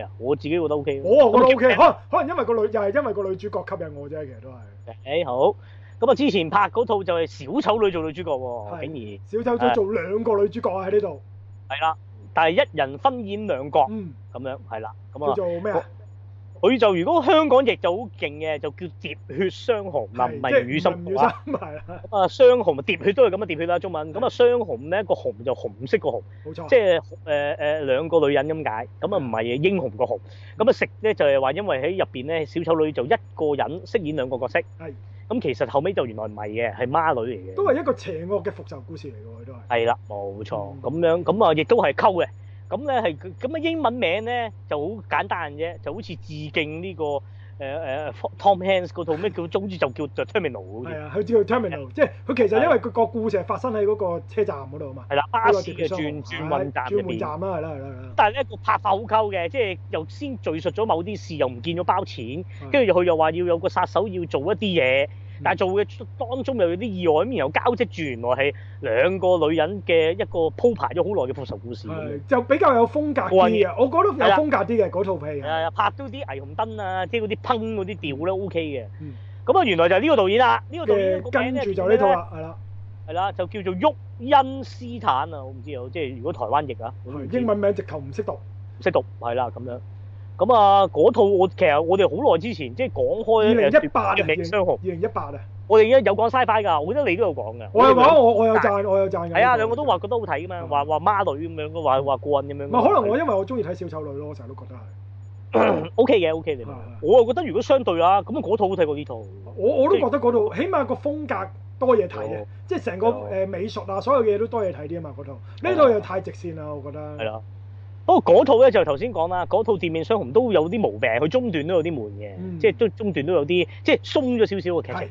係啊，我自己覺得 OK。我又覺得 OK，可能可能因為個女又係因為個女主角吸引我啫，其實都係、欸。誒好，咁啊之前拍嗰套就係小丑女做女主角喎，竟然小丑女做兩個女主角喺呢度。係啦，但係一人分演兩角，嗯，咁樣係啦，咁啊。做咩佢就如果香港疫就好勁嘅，就叫《喋血雙雄》啊，唔係《雨心雨心》啊。啊，雙雄啊，喋血都係咁啊，喋血啦，中文。咁啊，雙雄咧，一個紅就紅色個紅，冇錯。即係誒誒兩個女人咁解。咁啊，唔係英雄個雄。咁啊，食咧就係話，因為喺入邊咧，小丑女就一個人飾演兩個角色。係。咁其實後尾就原來唔係嘅，係孖女嚟嘅。都係一個邪惡嘅復仇故事嚟㗎喎，都係。係啦，冇錯。咁樣咁啊，亦都係溝嘅。咁咧係咁嘅英文名咧就好簡單嘅，就好似致敬呢、這個誒誒、呃、Tom Hanks 嗰套咩叫，總之 就叫 Terminal 好似。係啊，佢叫 Terminal，啊、即係佢其實因為佢個故事發生喺嗰個車站嗰度啊嘛。係啦，巴士嘅轉轉運站、啊、轉換站啦，係啦、啊，係啦、啊，係啦、啊。啊啊、但係咧個拍法好鳩嘅，即係又先敍述咗某啲事，又唔見咗包錢，跟住佢又話要有個殺手要做一啲嘢。但係做嘅當中又有啲意外，咁然後交織住原來係兩個女人嘅一個鋪排咗好耐嘅復仇故事。就比較有風格啲啊！了我覺得有風格啲嘅嗰套戲。係拍到啲霓虹燈啊，即係嗰啲砰嗰啲調都 OK 嘅。咁啊了，嗯、原來就呢個導演啦、啊，呢、呢個導演跟住就呢套啦，係啦，係啦，就叫做沃恩斯坦啊，我唔知啊，即係如果台灣譯啊，英文名直頭唔識讀，唔識讀，係啦咁樣。咁啊，嗰套我其實我哋好耐之前即係講開，二零一八嘅《致命雙雄》，二零一八啊，我哋依家有講《Sci-Fi》㗎，我覺得你都有講㗎。我有講我我有贊，我有贊㗎。係啊，兩個都話覺得好睇㗎嘛，話話孖女咁樣，話話個人咁樣。可能我因為我中意睇小丑女咯，我成日都覺得係。O K 嘅，O K 嘅。我啊覺得如果相對啊，咁嗰套好睇過呢套。我我都覺得嗰套起碼個風格多嘢睇嘅，即係成個誒美術啊，所有嘢都多嘢睇啲啊嘛，嗰套。呢套又太直線啦，我覺得。係啦。不過嗰套咧就頭先講啦，嗰套店面雙雄都有啲毛病，佢中段都有啲悶嘅，嗯、即係都中段都有啲即係鬆咗少少嘅劇情，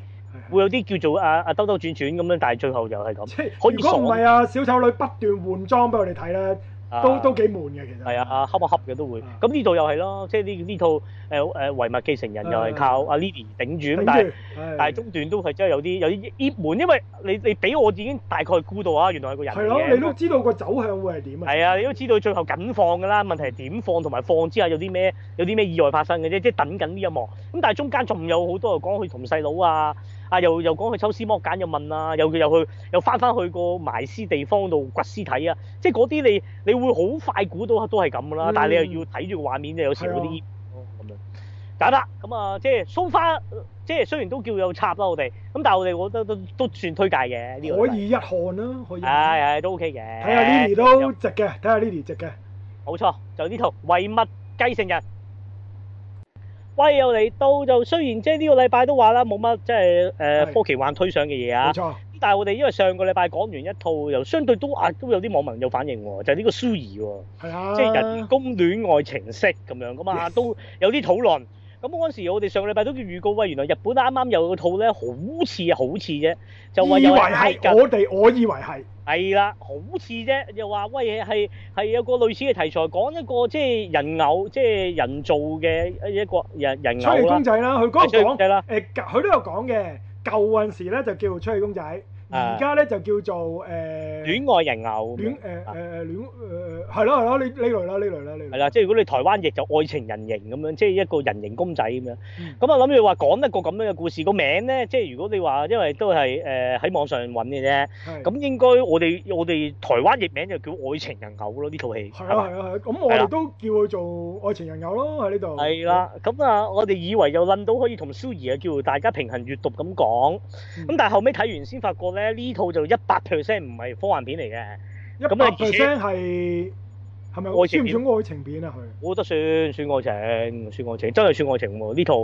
會有啲叫做啊啊兜兜轉轉咁樣，但係最後又係咁，可以如果唔係啊小丑女不斷換裝俾我哋睇咧。啊、都都幾悶嘅，其實係啊，恰啊恰嘅都會咁呢度又係咯，即係呢呢套誒誒、呃、遺物繼承人又係靠阿 Lily 頂住咁，但係但中段都係真係有啲有啲悶，因為你你俾我自己已經大概估到啊，原來係個人嘅、啊，你都知道個走向會係點啊？係啊，你都知道最後緊放㗎啦，問題係點放同埋放之後有啲咩有啲咩意外發生嘅啫，即係等緊呢一幕咁，但係中間仲有好多講佢同細佬啊。又又講去抽絲剝繭，又問啦，又又去又翻翻去個埋屍地方度掘屍體啊！即係嗰啲你你會好快估到都係咁啦。嗯、但係你又要睇住個畫面啫，有時嗰啲咁樣。就咁啦，咁、嗯、啊、嗯嗯，即係收翻，so、far, 即係雖然都叫有插啦，我哋咁，但係我哋覺得都都算推介嘅。可以一看啦，啊、可以。係係、啊、都 OK 嘅。睇下 Lily 都值嘅，睇下 Lily 值嘅。冇錯，就呢套遺密繼承人。喂，又嚟到就雖然即係呢個禮拜都話啦，冇乜即係誒科奇幻推想嘅嘢啊，冇錯，但係我哋因為上個禮拜講完一套，又相對都啊都有啲網民有反應喎，就係呢個蘇怡喎，即係人工戀愛程式咁樣噶嘛，都有啲討論。 咁嗰陣時，我哋上個禮拜都叫預告喂，原來日本啱啱有個套咧，好似好似啫，就話又係我哋，我以為係係啦，好似啫，又話喂係係有個類似嘅題材，講一個即係人偶，即係人造嘅一一個人人偶出去公仔啦，佢嗰個講誒，佢、欸、都有講嘅，舊陣時咧就叫出去公仔。而家咧就叫做誒、嗯、戀愛人偶，戀誒誒誒戀誒係咯係咯，呢呢類啦呢類啦呢類。係啦，即係如果你台灣譯就愛情人形咁樣，即係一個人形公仔咁樣。咁啊，諗住話講一個咁樣嘅故事，個名咧，即係如果你話因為都係誒喺網上搵嘅啫，咁是應該我哋我哋台灣譯名就叫愛情人偶咯呢套戲。係啊係啊，咁了吧我哋都叫佢做愛情人偶咯喺呢度。係啦，咁啊，我哋以為又諗到可以同 Sunny 啊，叫大家平衡閱讀咁講，咁、嗯、但係後尾睇完先發覺咧。呢套就一百 percent 唔係科幻片嚟嘅，一百 percent 係係咪愛情片？算唔算愛情片啊佢？我覺得算算愛情，算愛情，真係算愛情喎呢套。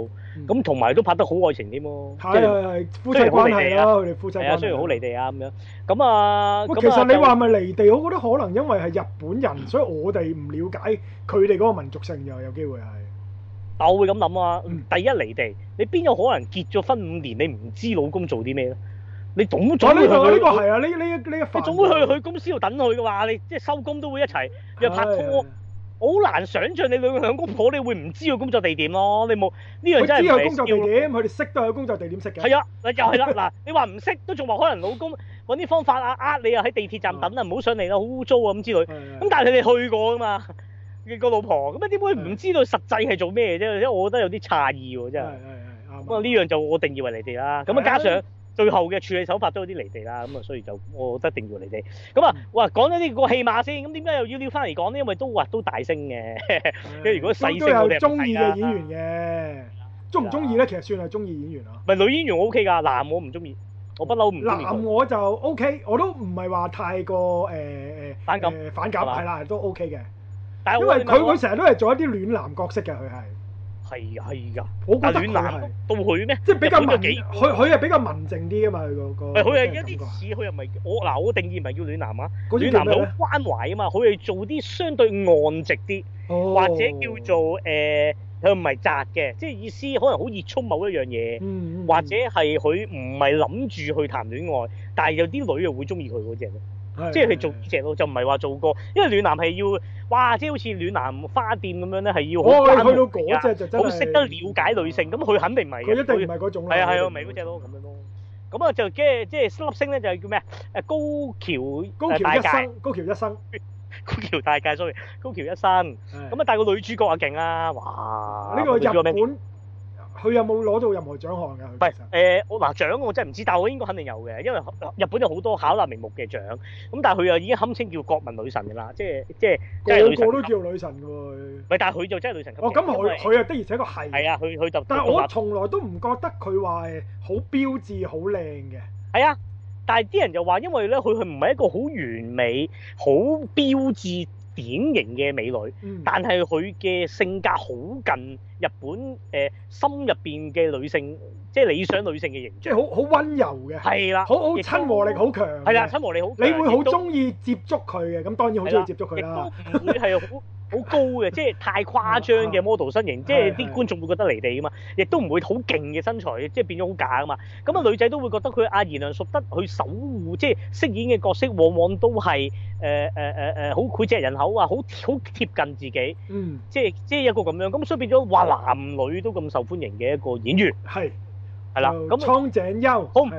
咁同埋都拍得好愛情添咯，係夫妻關係啊。佢哋夫妻。啊，雖然好離地啊咁樣，咁啊，其實你話咪離地，我覺得可能因為係日本人，所以我哋唔了解佢哋嗰個民族性，又有機會係。但我會咁諗啊，第一離地，你邊有可能結咗婚五年，你唔知老公做啲咩咧？你總會呢個呢啊！呢呢呢你總會去去公司度等佢嘅嘛？你即係收工都會一齊約拍拖。好難想像你兩個兩公婆，你會唔知個工作地點咯？你冇呢樣真係唔要。知工作地點，佢哋識都係有工作地點識嘅。係啊，又係啦，嗱，你話唔識都仲話可能老公揾啲方法啊，呃你啊，喺地鐵站等啊，唔好上嚟啦，好污糟啊咁之類。咁但係你哋去過噶嘛？個老婆咁啊，點會唔知道實際係做咩啫？因為我覺得有啲詫異喎，真係。不過呢樣就我定義為你哋啦。咁啊，加上。最後嘅處理手法都有啲離地啦，咁啊，所以就我覺得一定要離地。咁啊，哇，講咗呢個戲碼先。咁點解又要撩翻嚟講呢？因為都話都大聲嘅。即 係如果細聲，嗯、有的我中意嘅演員嘅，中唔中意咧？其實算係中意演員咯。咪女演員我 OK 㗎，男我唔中意，我不嬲唔。男我就 OK，我都唔係話太過誒誒、呃呃、反感，吧反感係啦，都 OK 嘅。但我因為佢佢成日都係做一啲暖男角色嘅，佢係。係啊係噶，我覺得但係暖男到佢咩？即係比較文，佢佢係比較文靜啲啊嘛，佢佢係一啲似，佢又唔係我嗱，我定義唔係叫暖男啊，暖男好關懷啊嘛，佢係做啲相對安靜啲，oh. 或者叫做誒佢唔係宅嘅，即、呃、係意思可能好熱衷某一樣嘢，mm hmm. 或者係佢唔係諗住去談戀愛，但係有啲女又會中意佢嗰隻咧。即係做呢隻咯，就唔係話做過，因為暖男係要，哇，即係好似暖男花店咁樣咧，係要好好識得了解女性，咁佢肯定唔係。佢一定唔係嗰種。係啊係啊，唔係嗰隻咯咁樣咯。咁啊就即係即係粒星咧，就係叫咩高誒高橋誒大介，高橋一生，高橋大界。Sorry，高橋一生。咁啊，但係個女主角啊勁啊，哇！呢個係日本。佢有冇攞到任何獎項㗎？唔係、呃、我嗱獎我真係唔知，但係我應該肯定有嘅，因為日本有好多巧立名目嘅獎。咁但係佢又已經堪稱叫國民女神㗎啦，即係即係，即係個個都叫女神㗎喎。唔係，但係佢就真係女神。咁佢佢啊的而且確係。係啊，佢佢就。但係我從來都唔覺得佢話好標致、好靚嘅。係啊，但係啲人就話，因為咧，佢佢唔係一個好完美、好標致。典型嘅美女，但係佢嘅性格好近日本誒、呃、心入邊嘅女性，即係理想女性嘅形象，即係好好溫柔嘅，係啦的，好好親和力好強，係啦，親和力好，你會好中意接觸佢嘅，咁當然好中意接觸佢啦，唔會係好。 好 高嘅，即係太誇張嘅 model 身形， 即係啲觀眾會覺得離地啊嘛，亦都唔會好勁嘅身材，即係變咗好假啊嘛。咁啊，女仔都會覺得佢阿賢良淑德去守護，即係飾演嘅角色往往都係誒誒誒好膾炙人口啊，好好貼近自己，嗯，即係即係一個咁樣，咁所以變咗話男女都咁受歡迎嘅一個演員，係係啦，咁蒼井優好。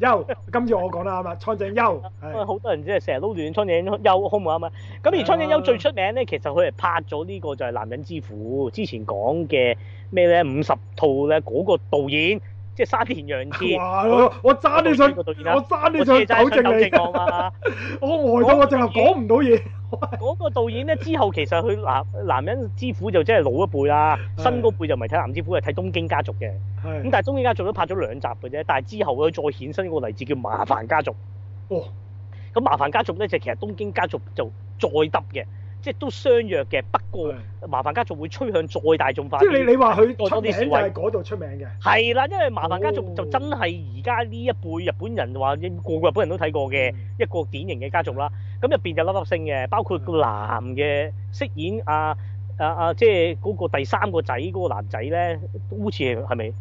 邱， 今次我講啦啱啦，春影邱，好多人即係成日都亂春影邱，好唔啱啊？咁而春影邱最出名咧， 其實佢係拍咗呢個就係、是《男人之苦》，之前講嘅咩咧五十套咧嗰個導演。即係山田洋次咯，我爭啲想，我爭啲想糾正你！我外國我淨係講唔到嘢。嗰 了個導演咧，之後其實佢男男人之父就真係老一輩啦、啊， 新嗰輩就唔係睇《男之父》，係睇《東京家族》嘅。咁但係《東京家族》都拍咗兩集嘅啫，但係之後佢再衍生一個例子叫《麻煩家族》哇。哦，咁《麻煩家族呢》咧就是、其實《東京家族》就再得嘅。即係都相若嘅，不過麻煩家族會趨向再大眾化。即係你你話佢出名係嗰度出名嘅，係啦，因為麻煩家族就真係而家呢一輩日本人話，個個日本人都睇過嘅一個典型嘅家族啦。咁入邊就粒粒星嘅，包括個男嘅飾演阿阿阿，即係嗰個第三個仔嗰個男仔咧，都好似係係咪？是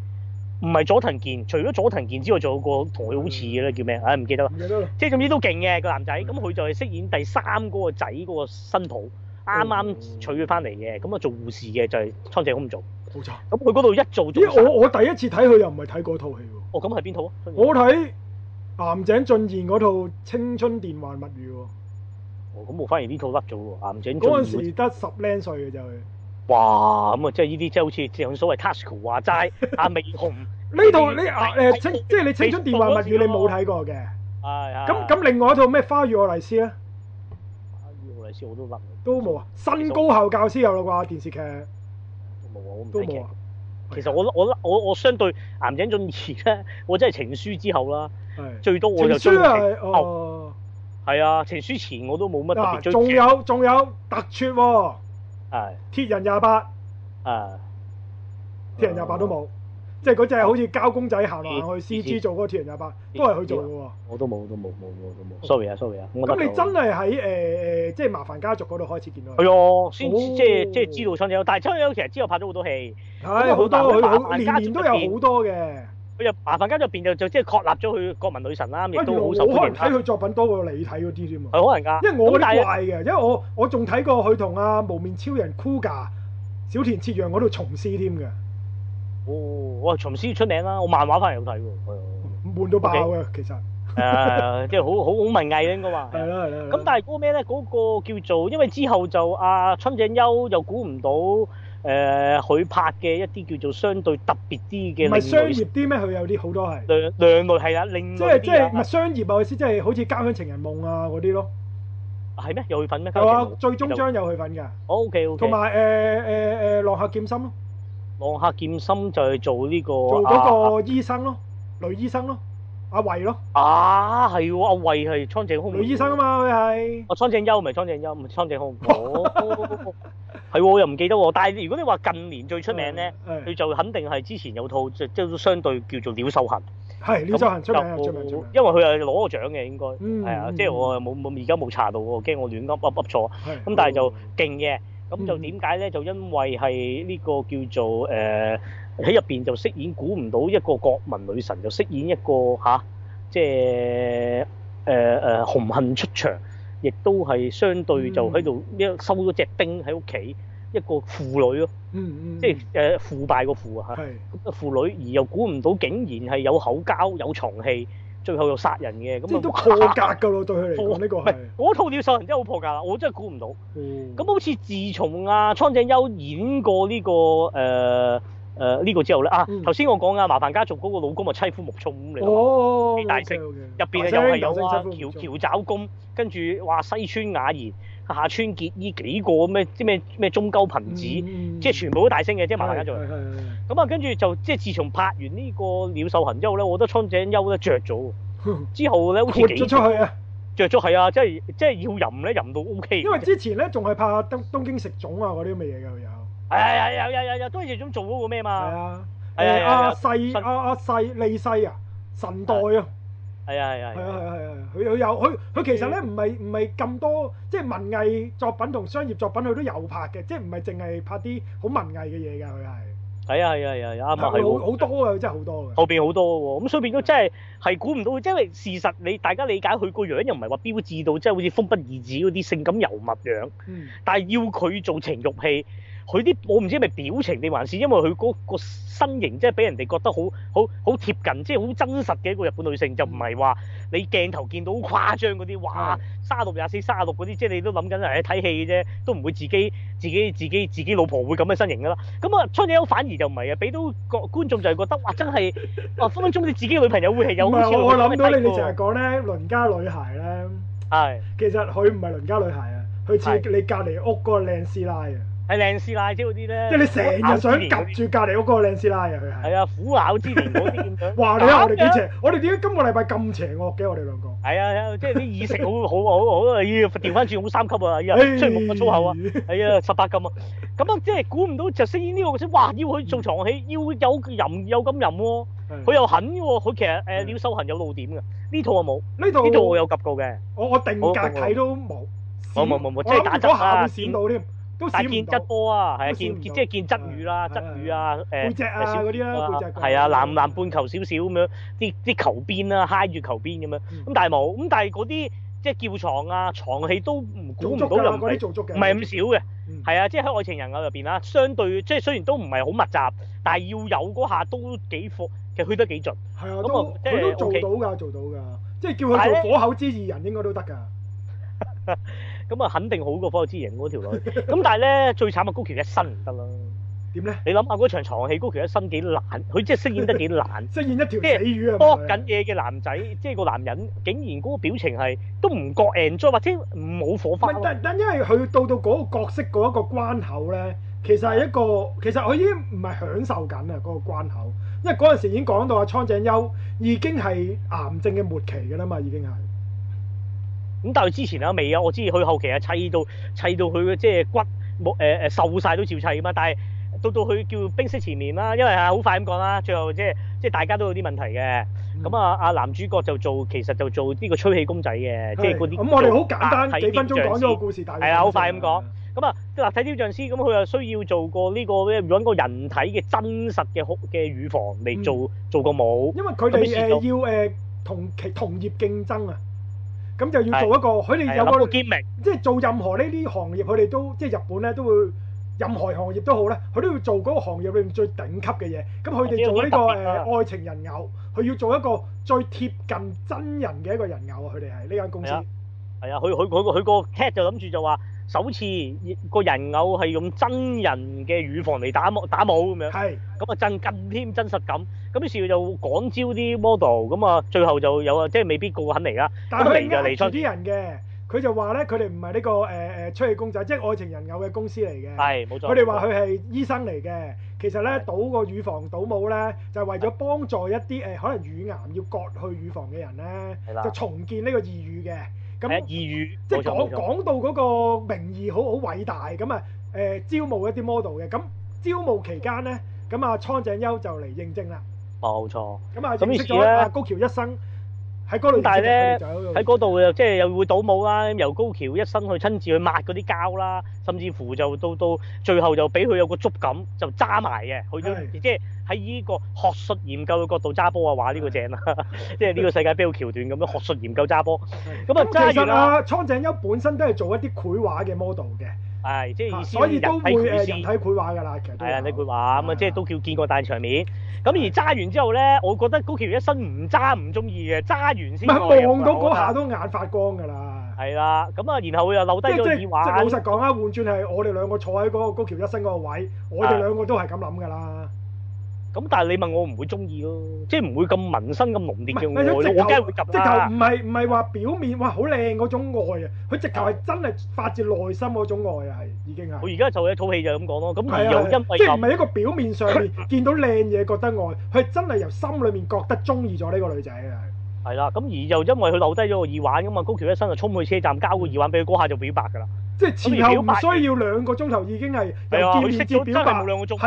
唔係佐藤健，除咗佐藤健之外，仲有個同佢好似嘅咧，的叫咩？唉、啊，唔記得啦。記即係總之都勁嘅、那個男仔，咁佢的就係飾演第三嗰個仔嗰個新抱，啱啱對娶佢翻嚟嘅，咁啊、哦、做護士嘅就係蒼井空咁做。冇錯、哦。咁佢嗰度一做，做，因為我我第一次睇佢又唔係睇嗰套戲喎。哦，咁係邊套啊？我睇岩井俊二嗰套《青春電幻物語、啊》喎。哦，咁冇反而呢套得咗喎。岩井俊二嗰陣時得十零歲嘅就係。哇，咁啊，即係呢啲，即係好似正所謂 Tasuku 話齋，阿眉紅呢套你啊即係你青春電話物語，你冇睇過嘅，係係。咁咁，另外一套咩花與愛麗絲咧？花與愛麗絲我都得，都冇啊。新高校教師有啦啩電視劇？冇啊，我唔睇劇。其實我我我我相對《岩井俊二》咧，我真係情書之後啦，最多我就中意。係啊，情書前我都冇乜特別中意，仲有仲有特撮喎。係，uh, 鐵人廿八，誒，鐵人廿八都冇，uh, 即係嗰隻好似膠公仔行嚟行去，CG 做嗰個鐵人廿八，uh, 都係佢做嘅我都冇，都冇，冇，冇，冇。Sorry 啊，Sorry 啊。咁你真係喺誒誒，即係，uh, 呃《麻煩家族》嗰度開始見到佢。係啊，哎呦哦，即係即係知道春秧，但係春秧其實之後拍咗好多戲，好，哎嗯，多佢好年年都有好多嘅。佢就漫畫家，又變就就即係確立咗佢國民女神啦，咁都好可能睇佢作品多過你睇嗰啲啫嘛。係可能人噶。因為我好大怪嘅，是因為我我仲睇過佢同阿無面超人 Kuga 小田切陽嗰套蟲師添嘅。哦，我蟲師出名啦，我漫畫翻嚟好睇喎。係啊，悶到爆啊，okay, 其實。係啊、uh, uh,，即係好好好文藝啊，應該話。係啦係啦。咁但係嗰個咩咧？嗰、嗰個叫做，因為之後就阿、啊、春野悠又估唔到。誒，佢拍嘅一啲叫做相對特別啲嘅，唔係商業啲咩？佢有啲好多係兩兩類係啦，另即係即係唔係商業啊？我意思即係好似《家鄉情人夢》啊嗰啲咯，係咩？有佢份咩？係啊，最終章有佢份㗎。O K O K。同埋誒誒誒，《浪客劍心》咯，《浪客劍心》就係做呢個做嗰個醫生咯，女醫生咯，阿惠咯。啊，係喎，阿惠係蒼井空。女醫生啊嘛，佢係。哦，蒼井優唔係蒼井優，唔係蒼井空。係喎，又唔記得喎。但係如果你話近年最出名咧，佢就肯定係之前有套，即係都相對叫做《鳥獸行》。係《鳥獸行》出名係出名咗。因為佢又攞過獎嘅，應該係啊。即係我又冇冇而家冇查到喎，驚我亂噏噏錯。係。咁但係就勁嘅，咁就點解咧？就因為係呢個叫做誒喺入邊就飾演，估唔到一個國民女神就飾演一個嚇，即係誒誒紅杏出場。亦都係相對就喺度呢收咗隻丁喺屋企，嗯、一個婦女咯、嗯，嗯嗯，即係誒腐敗個腐啊嚇，係婦女而又估唔到竟然係有口交有床戲，最後又殺人嘅，咁都破格㗎咯、啊、對佢嚟呢係我套《鳥殺人》真係好破格啦，我真係估唔到，咁、嗯、好似自從阿蒼井優演過呢、呢個誒。呃誒呢、呃這個之後咧啊，頭先、嗯、我講啊，麻煩家族嗰個老公啊，妻夫木聰咁嚟講，幾、哦、大聲。入邊又係有啊橋橋爪功，跟住哇西村雅彥、夏川結衣呢幾個咁咩咩中高平子，嗯、即係全部都大聲嘅，即係麻煩家族。咁啊跟住就即係自從拍完呢個鳥獸行之後咧，我覺得蒼井優都着咗。著呵呵之後咧好似幾着咗係啊，即係即係要吟咧吟到 OK。因為之前咧仲係拍東東京食種啊嗰啲咁嘅嘢嘅。哎呀呀呀呀！當時仲做嗰個咩嘛？係啊，誒阿世阿阿世李世啊，神代啊，係啊係啊係啊係啊係啊！佢佢有佢佢其實咧唔係唔係咁多，即係文藝作品同商業作品佢都有拍嘅，即係唔係淨係拍啲好文藝嘅嘢㗎。佢係係啊係啊係啊啱啊，係好好多啊！真係好多嘅後邊好多喎，咁所以變咗真係係估唔到，即係事實你大家理解佢個樣又唔係話標誌到即係好似峰不二子嗰啲性感尤物樣，但係要佢做情慾戲。佢啲我唔知係咪表情定還是因為佢嗰個身形，即係俾人哋覺得好好好貼近，即係好真實嘅一個日本女性，就唔係話你鏡頭見到好誇張嗰啲，哇三十六廿四、三十六嗰啲，即係你都諗緊嚟睇戲嘅啫，都唔會自己自己自己自己老婆會咁嘅身形噶啦。咁啊，春嬌反而就唔係嘅，俾到個觀眾就係覺得哇，真係啊分分鐘你自己女朋友會係有好似，似，似，似，似我諗到你哋成日講咧鄰家女孩咧，係嘅其實佢唔係鄰家女孩啊，佢似你隔離屋嗰個靚師奶啊。係靚師奶啫，啲咧，即係你成日想夾住隔離屋嗰個靚師奶啊，佢係。係啊，虎咬之年嗰啲。話你我哋幾邪？我哋點解今個禮拜咁邪惡？我嘅？我哋兩個。係啊，即係啲意識好好好好，要調翻轉好三級啊！出嚟濛個粗口啊！係啊，十八禁啊！咁啊，即係估唔到就飾演呢個角色，哇！要去做床戲，要有淫有咁淫喎，佢又狠喎，佢其實你要修行有露點嘅，呢套啊冇。呢套呢套我有及到嘅。我我定格睇都冇。冇冇冇冇，即係打走下線度添。但見側波啊，係啊，見即係見側乳啦，側乳啊，誒，半隻啊，少嗰啲啦，係啊，南南半球少少咁樣，啲啲球邊啦，揩住球邊咁樣，咁但係冇，咁但係嗰啲即係叫床啊，床戲都唔估唔到有人唔係咁少嘅，係啊，即係喺愛情人偶入邊啦，相對即係雖然都唔係好密集，但係要有嗰下都幾火，其實去得幾盡。係啊，都佢都做到㗎，做到㗎，即係叫佢做火口之二人應該都得㗎。咁啊，肯定好過科志英嗰條女。咁 但係咧，最慘嘅高橋一生唔得啦。點咧？你諗下嗰場床戲，高橋一生幾難，佢即係飾演得幾難。 飾演一條死魚係咪？噏緊嘢嘅男仔， 即係個男人，竟然嗰個表情係都唔覺得 enjoy，或者冇火花。唔係，但但因為佢到到嗰個角色嗰一個關口咧，其實係一個，其實佢已經唔係享受緊啊嗰個關口。因為嗰陣時已經講到啊，蒼井優已經係癌症嘅末期㗎啦嘛，已經係。咁但係之前啊未啊，我知佢後期啊砌到砌到佢嘅，即係骨冇誒，誒，瘦曬都照砌啊嘛！但係到到佢叫冰釋前面啦，因為啊好快咁講啦，最後、就是、即係即係大家都有啲問題嘅。咁、嗯、啊啊男主角就做其實就做呢個吹氣公仔嘅，是即係嗰啲，咁我哋好簡單幾分鐘講咗個故事，係的啊好快咁講。咁啊嗱，立體雕像師，咁佢又需要做過呢個咩、揾個、個人體嘅真實嘅嘅乳房嚟做、嗯、做個模。因為佢哋做、呃、要誒、呃、同其同業競爭啊。咁就要做一個，佢哋的有個傑明，的即係做任何呢啲行業，佢哋都即係日本咧，都會任何行業都好咧，佢都要做嗰個行業裏面最頂級嘅嘢。咁佢哋做呢個誒愛情人偶，佢要做一個最貼近真人嘅一個人偶啊！佢哋係呢間公司，係啊，佢佢佢佢個 cat 就諗住就話。首次，個人偶係用真人嘅乳房嚟打模打模咁樣，咁啊真更添真實感。咁於是就廣招啲 model，咁啊最後就有啊，即係未必個個肯嚟啦。但係佢哋而家唔係啲人嘅，佢就話咧，佢哋唔係呢個誒誒出氣公仔，即係愛情人偶嘅公司嚟嘅。係冇錯。佢哋話佢係醫生嚟嘅，其實咧倒個乳房倒模咧，就係為咗幫助一啲誒可能乳癌要割去乳房嘅人咧，就重建呢個義乳嘅。咁意願，即係講講到嗰個名義好好偉大，咁啊誒招募一啲 model 嘅，咁招募期間咧，咁啊蒼井優就嚟應徵啦，冇錯。咁啊認識咗啊高橋一生。咁但大咧，喺嗰度又即係又會倒模啦，由高橋一生去親自去抹嗰啲膠啦，甚至乎就到到最後就俾佢有個觸感，就揸埋嘅。佢都的即係喺依個學術研究嘅角度揸波啊，畫、這、呢個正啦，即係呢個世界標橋段咁樣學術研究揸波。咁的啊，揸住來。蒼井優本身都係做一啲繪畫嘅 model 嘅。即啊、所即都意思，體係佢睇佢㗎啦，其實係啊，你句話咁啊，了了即係都叫見過大場面。咁了而揸完之後咧，我覺得高橋一生唔揸唔中意嘅，揸完先。唔係望到嗰下都眼發光㗎啦。係啦，咁啊，然後又留低咗耳環。即係老實講啊，換轉係我哋兩個坐喺嗰個高橋一生嗰個位，我哋兩個都係咁諗㗎啦。咁但係你問我唔會中意咯，即係唔會咁紋身咁是濃烈嘅，是我梗係會揼啦、啊。直頭唔係唔係話表面哇好靚嗰種愛啊，佢直頭係真係發自內心嗰種愛係已經現在而而啊。佢而家就一套戲就咁講咯，咁而又因為即係唔係一個表面上面見它到靚嘢覺得愛，佢真係由心裡面覺得中意咗呢個女仔啊。係啦，咁而又因為佢留低咗個耳環咁嘛。高橋一生就衝去車站交個耳環俾佢，嗰下就表白㗎啦。即係前後唔需要兩個鐘頭已經係見面接表白，係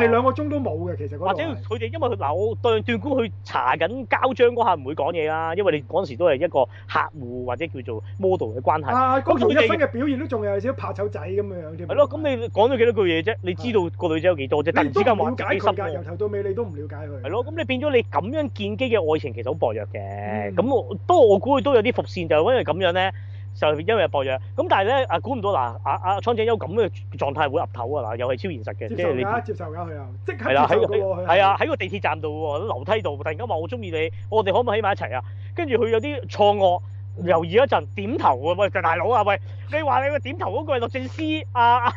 兩個鐘、啊、都冇嘅，其實或者佢哋因為嗱我對斷估去查緊膠章嗰下唔會講嘢啦，因為你嗰陣時候都係一個客戶或者叫做 model 嘅關係。嗰條、啊、一分嘅表現都仲有少拍手仔咁樣樣添。係咯的，咁的你講咗幾多少句嘢啫？的你知道個女仔有幾多啫？突然之間話你十日，了解佢由頭到尾，你都唔了解佢。係咯，咁你變咗你咁樣見機嘅愛情其實好薄弱嘅。咁、嗯、我都我估佢都有啲伏線，就係因為咁樣咧。就因為博約，咁但係咧，啊估唔到嗱，阿阿蒼井優咁嘅狀態會岌頭啊嗱，又係超現實嘅，即係你接受嘅，接受嘅佢啊。即刻接受嘅係啊喺個,是、啊、個地鐵站度喎，樓梯度突然間話我中意你，我哋可唔可以喺埋一齊啊？跟住佢有啲錯愕，猶豫一陣，點頭啊，喂，大佬啊喂，你話你個點頭嗰個係律政司啊啊，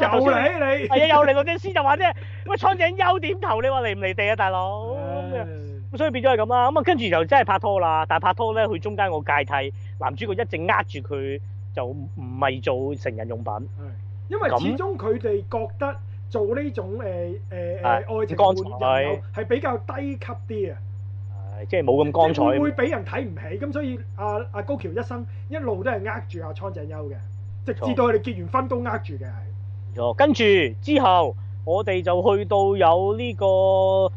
又嚟來 才你，係啊、哎、又嚟律政司就話啫，乜蒼 井優點頭你話離唔離地啊大佬？Uh 咁所以變咗係咁啦，咁啊跟住就真係拍拖啦，但係拍拖咧，佢中間個芥蒂，男主角一直呃住佢，就唔係做成人用品，因為始終佢哋覺得做呢種誒誒誒愛情人偶係比較低級啲啊，係即係冇咁光彩，會會俾人睇唔起，咁所以阿阿高橋一生一路都係呃住阿蒼井優嘅，直至到佢哋結完婚都呃住嘅，冇錯，跟住之後我哋就去到有呢個。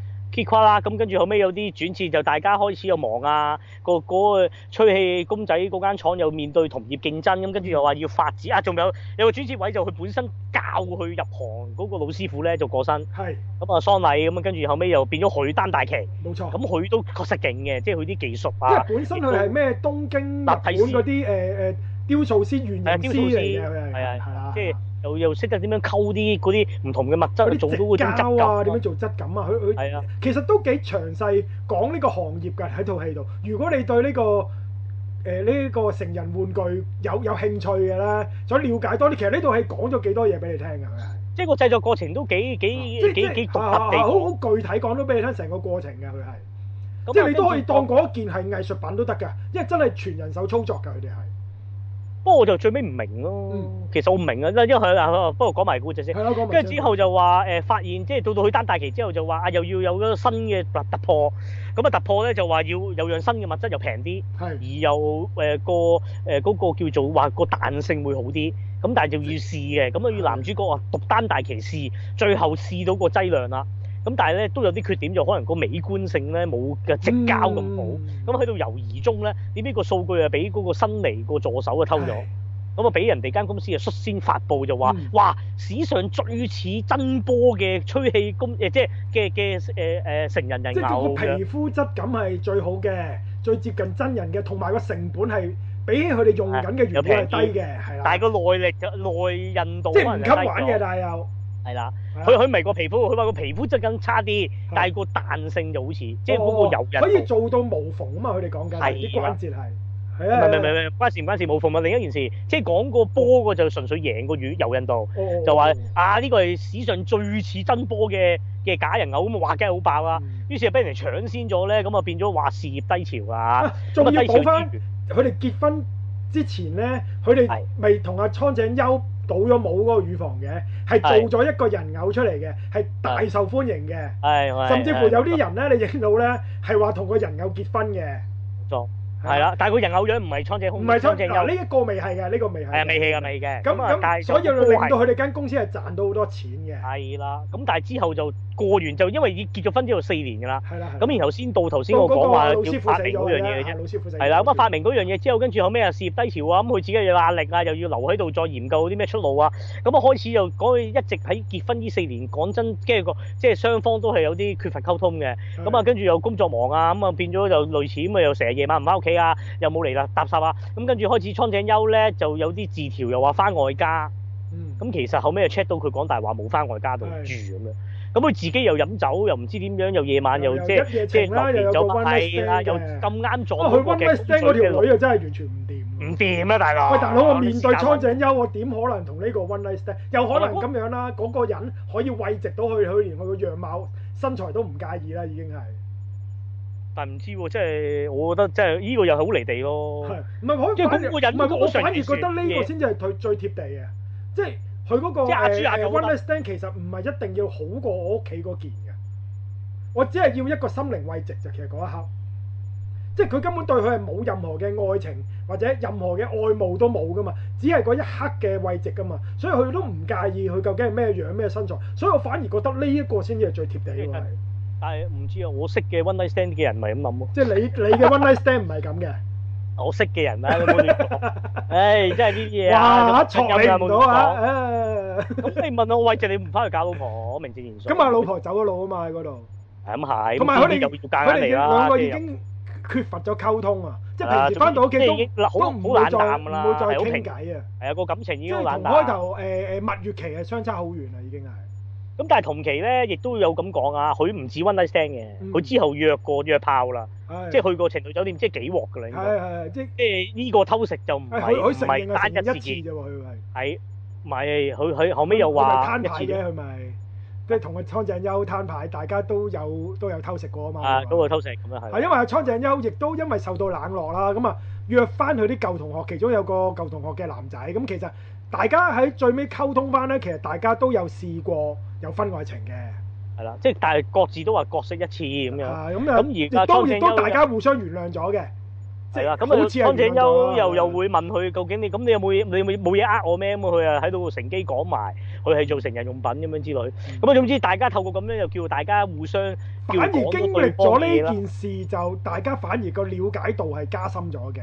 啦，咁跟住後尾有啲轉折，就大家開始又忙啊，個嗰個吹氣公仔嗰間廠又面對同業競爭，咁跟住又話要發展啊，仲有有個轉折位就佢本身教佢入行嗰個老師傅咧就過身，係，咁啊喪禮，咁啊跟住後尾又變咗佢擔大旗。冇錯，咁佢都確實勁嘅，即係佢啲技術啊，本身佢係咩東京日本啲誒誒雕塑師、原型師，係係係啊，即係又又識得點樣溝啲嗰啲唔同嘅物質，做到嗰啲質感，點樣做質感啊？佢佢其實都幾詳細講呢個行業㗎喺套戲度。如果你對呢個誒呢個成人玩具有有興趣嘅咧，想了解多啲，其實呢套戲講咗幾多嘢俾你聽㗎。佢係即係個製作過程都幾幾幾幾獨特嘅，好好具體講咗俾你聽成個過程㗎。佢係即係你都可以當嗰件係藝術品都得㗎，因為真係全人手操作㗎。佢哋係。不過我就最尾唔明咯，嗯、其實我唔明啊，因為嗱，不過講埋故事先。跟住之後就話誒、呃、發現，即係到到去單大旗之後就話啊，又要有一個新嘅突破。咁啊突破咧就話要有樣新嘅物質又平啲，的而又誒、呃、個誒、呃那個、叫做話個彈性會好啲。咁但係就要試嘅，咁啊要男主角啊讀單大旗試，最後試到個劑量啦。咁但係咧都有啲缺點，就可能個美觀性咧冇嘅矽膠咁好。咁喺度猶豫中咧，點知個數據啊俾嗰個新嚟個助手啊偷咗。咁啊俾人哋間公司啊率先發布就話，嗯、哇！史上最似真波嘅吹氣公，誒、呃、即係嘅嘅誒誒成人人偶。即係皮膚質感係最好嘅，最接近真人嘅，同埋個成本係比佢哋用緊嘅原本係低嘅，係啦、嗯的。但係個耐力就耐韌度唔夠。即係唔襟玩嘅，但係又。係啦，佢佢咪個皮膚，佢話個皮膚質更差啲，但係個彈性就好似，即係嗰個柔韌。可以做到無縫啊嘛！佢哋講緊啲關節係，係啊。唔唔唔，關事唔關事，無縫啊！另一件事，即係講個波個就純粹贏個魚柔韌度，就話啊呢個係史上最似真波嘅嘅假人偶，咁啊話劇好爆啊，於是就俾人哋搶先咗咧，咁啊變咗話事業低潮啊。仲要補翻，佢哋結婚之前咧，佢哋未同阿蒼井優。倒咗帽嗰個乳房嘅，係做咗一個人偶出嚟嘅，係大受歡迎嘅。係，甚至乎有啲人咧，你影到咧，係話同個人偶結婚嘅。係啦，但係佢人偶樣唔係蒼井空，唔係蒼井。嗱呢一個未係嘅，呢、這個未係。係啊，未係嘅，未嘅。咁啊，所以令到佢哋間公司係賺到好多錢嘅。係啦，咁但係之後就過完就因為結咗婚之後四年㗎啦。咁然後先到頭先我講話要發明嗰樣嘢嘅啫。老師傅係啦。係啦，咁啊發明嗰樣嘢之後，跟住後尾啊事業低潮啊，咁、嗯、佢自己又有壓力啊，又要留喺度再研究啲咩出路啊。咁、嗯、啊、嗯、開始就講，一直喺結婚呢四年講真，跟住個即係雙方都係有啲缺乏溝通嘅。咁啊的、嗯，跟住又工作忙啊，咁、嗯、啊變咗就類似咁啊，又成日夜晚唔喺屋企。係啊，又冇嚟啦，搭訕啊，咁跟住開始蒼井優咧就有啲字條又話翻外家，咁其實後尾又 check 到佢講大話冇翻外家度住咁樣，咁佢自己又飲酒，又唔知點樣，又夜晚又即係即係六點酒，係啦，又咁啱撞到嘅，所以呢條女啊真係完全唔掂，唔掂啊大佬！喂，大佬我面對蒼井優，我點可能同呢個 One Night Stand 又可能咁樣啦，嗰個人可以慰藉到佢，佢連佢個樣貌、身材都唔介意啦，已經係。但唔知喎，即係我覺得即係呢個又係好離地咯。唔係、嗰個、我，即引發唔係，我反而覺得呢個先至係最貼地嘅。Yeah. 即係佢嗰個 s t t n g 其實唔係一定要好過我屋企嗰件嘅。我只係要一個心靈慰藉就其實嗰一刻。即係佢根本對佢係冇任何嘅愛情或者任何嘅愛慕都冇噶嘛，只係嗰一刻嘅慰藉噶嘛。所以佢都唔介意佢究竟係咩樣咩身材。所以我反而覺得呢一個先至係最貼地。但係唔知啊，我識嘅 one night stand 嘅人咪咁諗喎。即係你你嘅 one night stand 唔係咁嘅。我識嘅人啊，唉，真係啲嘢啊，一錯你唔到啊。咁你問我，我為著你唔翻去搞老婆，明正言。咁啊，老婆走咗路啊嘛，喺嗰度。咁係。同埋佢哋又別界嚟啦。佢哋兩個已經缺乏咗溝通啊，即係平時翻到屋企都都唔會再唔會再傾偈啊。係啊，個感情已經好冷淡。同開頭誒誒蜜月期係相差好遠啦，已經係。咁但係同期咧，亦都有咁講啊！佢唔止 one night stand 嘅，佢之後約過約炮啦，即係去過情侶酒店，即係幾鑊㗎啦，應該係係即係呢個偷食就唔係唔係單一一次啫喎，佢係係唔係佢佢後尾又話一次啫，佢咪即係同阿蒼井優攤牌，大家都有都有偷食過啊嘛，啊嗰個偷食咁啊係，係因為阿蒼井優亦都因為受到冷落啦，咁啊約翻佢啲舊同學，其中有個舊同學嘅男仔，咁其實。大家喺最尾溝通翻咧，其實大家都有試過有婚外情嘅，係啦，即係但係各自都話各識一次咁樣，係咁又咁而當然都大家互相原諒咗嘅，係啦，咁啊安振優又又會問佢，究竟你咁你有冇嘢你冇冇嘢呃我咩？咁佢啊喺度個乘機講埋佢係做成人用品咁樣之類，咁啊總之大家透過咁咧又叫大家互相，反而經歷咗呢件事就大家反而個瞭解度係加深咗嘅。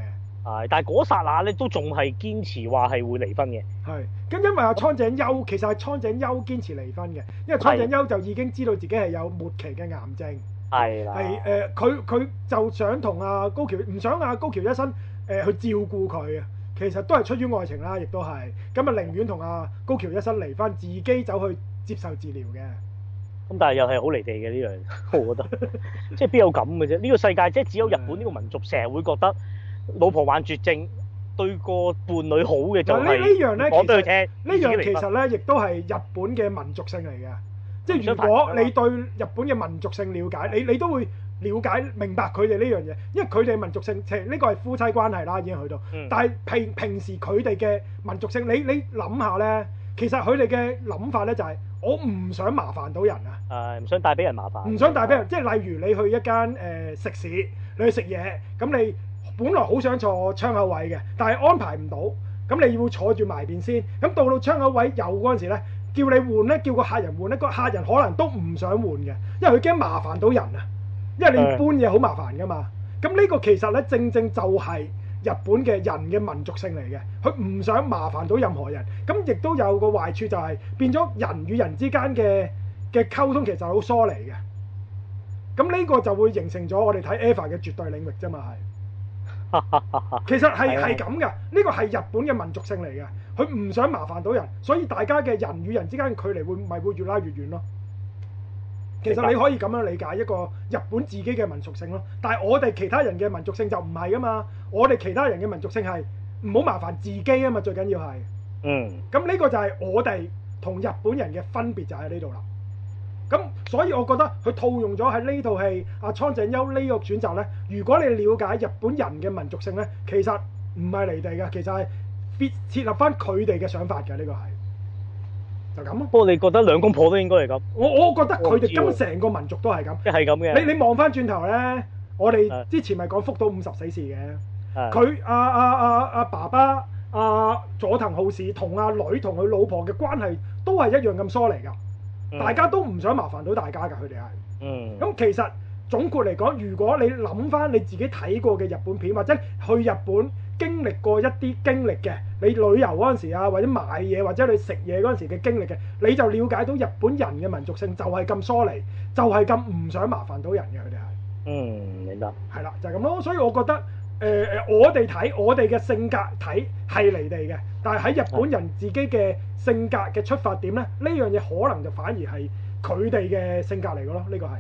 但係嗰剎那咧，都仲係堅持話係會離婚嘅。係，咁因為阿蒼井優，其實係蒼井優堅持離婚嘅，因為蒼井優就已經知道自己係有末期嘅癌症。係啦的。係誒，佢、呃、佢就想同阿高橋唔想阿高橋一生誒、呃、去照顧佢啊，其實都係出於愛情啦，亦都係，咁啊寧願同阿高橋一生離婚，自己走去接受治療嘅。咁但係又係好離地嘅呢樣，我覺得， 即係邊有咁嘅啫？呢、這個世界即係只有日本呢個民族成日會覺得。老婆患絕症，對個伴侶好嘅就係我都要聽。呢樣其實咧，亦都係日本嘅民族性嚟嘅。即係如果你對日本嘅民族性了解，你你都會了解明白佢哋呢樣嘢，因為佢哋民族性，即係呢個係夫妻關係啦，已經去到。嗯。但係平平時佢哋嘅民族性，你你諗下咧，其實佢哋嘅諗法咧就係我唔想麻煩到人啊。係唔想帶俾人麻煩。唔想帶俾人，即係例如你去一間誒食肆，你去食嘢，咁你。本來好想坐窗口位嘅，但係安排唔到，咁你要坐住埋邊先。咁到到窗口位有嗰陣時呢，叫你換呢，叫個客人換呢，個客人可能都唔想換嘅，因為佢驚麻煩到人啊。因為你搬嘢好麻煩㗎嘛。咁呢個其實呢，正正就係日本嘅人嘅民族性嚟嘅，佢唔想麻煩到任何人。咁亦都有個壞處，就係，就係變咗人與人之間嘅嘅溝通其實好疏離嘅。咁呢個就會形成咗我哋睇 Eva 嘅絕對領域啫嘛，係。 其實係係咁嘅，呢個係日本嘅民族性嚟嘅，佢唔想麻煩到人，所以大家嘅人與人之間嘅距離會咪會越拉越遠咯。其實你可以咁樣理解一個日本自己嘅民族性咯，但係我哋其他人嘅民族性就唔係啊嘛，我哋其他人嘅民族性係唔好麻煩自己啊嘛，最緊要係。嗯。咁呢個就係我哋同日本人嘅分別就喺呢度啦。咁所以我覺得佢套用咗喺呢套戲，阿蒼井優呢個選擇咧，如果你瞭解日本人嘅民族性咧，其實唔係嚟定嘅，其實係設立翻佢哋嘅想法嘅呢個係就咁。不過你覺得兩公婆都應該係咁。我我覺得佢哋今成個民族都係咁。一係咁嘅。你你望翻轉頭咧，我哋之前咪講福島五十死士嘅，佢阿阿阿阿爸爸阿佐藤浩市同阿女同佢老婆嘅關係都係一樣咁疏離㗎。嗯、大家都唔想麻煩到大家㗎，佢哋係。嗯。咁其實總括嚟講，如果你諗翻你自己睇過嘅日本片，或者去日本經歷過一啲經歷嘅，你旅遊嗰陣時啊，或者買嘢或者你食嘢嗰陣時嘅經歷嘅，你就了解到日本人嘅民族性就係咁疏離，就係咁唔想麻煩到人嘅，佢哋係。嗯，明白。係啦，就係、是、咁咯，所以我覺得。誒、呃、我哋睇我哋嘅性格睇係離地嘅，但係喺日本人自己嘅性格嘅出發點咧，呢樣嘢可能就反而係佢哋嘅性格嚟嘅咯，呢、呢個係。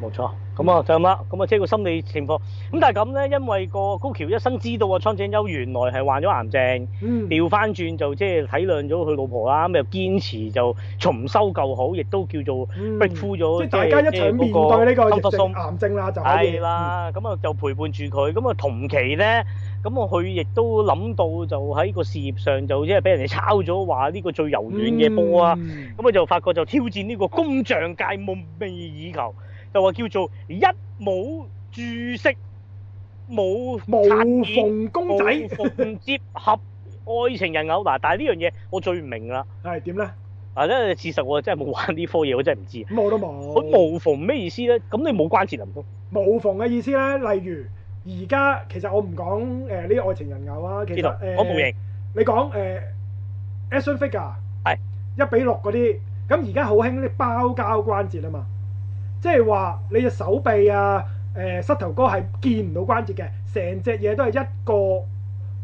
冇錯，咁啊、嗯、就咁啦，咁啊即係個心理情況。咁但係咁咧，因為個高橋一生知道啊，蒼井優原來係患咗癌症，調翻轉就即係體諒咗佢老婆啦，咁又堅持就重修舊好，亦都叫做 breakthrough 咗，即係即係大家一齊面對呢個癌症啦的，就係啦。咁的、嗯、啊就陪伴住佢，咁啊同期咧，咁啊佢亦都諗到就喺個事業上就即係俾人哋抄咗話呢個最柔軟嘅波、嗯、啊，咁啊就發覺就挑戰呢個工匠界夢寐以求。就話叫做一冇注色冇殘件，無無縫公仔，無接合愛情人偶。嗱， 但係呢樣嘢我最唔明啦。係點咧？嗱，咧事實我真係冇玩呢科嘢，我真係唔知道。咁、嗯、我都冇。佢無縫咩意思咧？咁你冇關節啊？無縫嘅意思咧，例如而家其實我唔講誒呢愛情人偶啊，其實我模型、呃、你講誒 action figure 係一比六嗰啲，咁而家好興啲包膠關節啊嘛。即係話你隻手臂啊、誒膝頭哥係見唔到關節嘅，成隻嘢都係一個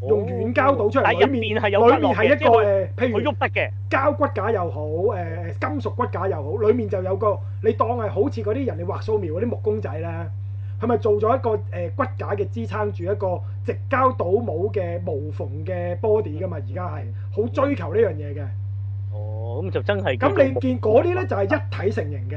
用軟膠倒出嚟，裏面係有骨嘅。裏面係一個誒，譬如喐得嘅膠骨架又好，誒誒金屬骨架又好，裏面就有個你當係好似嗰啲人哋畫素描嗰啲木公仔咧，係咪做咗一個誒骨架嘅支撐住一個直膠倒模嘅無縫嘅 body 噶嘛？而家係好追求呢樣嘢嘅。哦，咁就真係咁你見嗰啲咧就係一體成型嘅。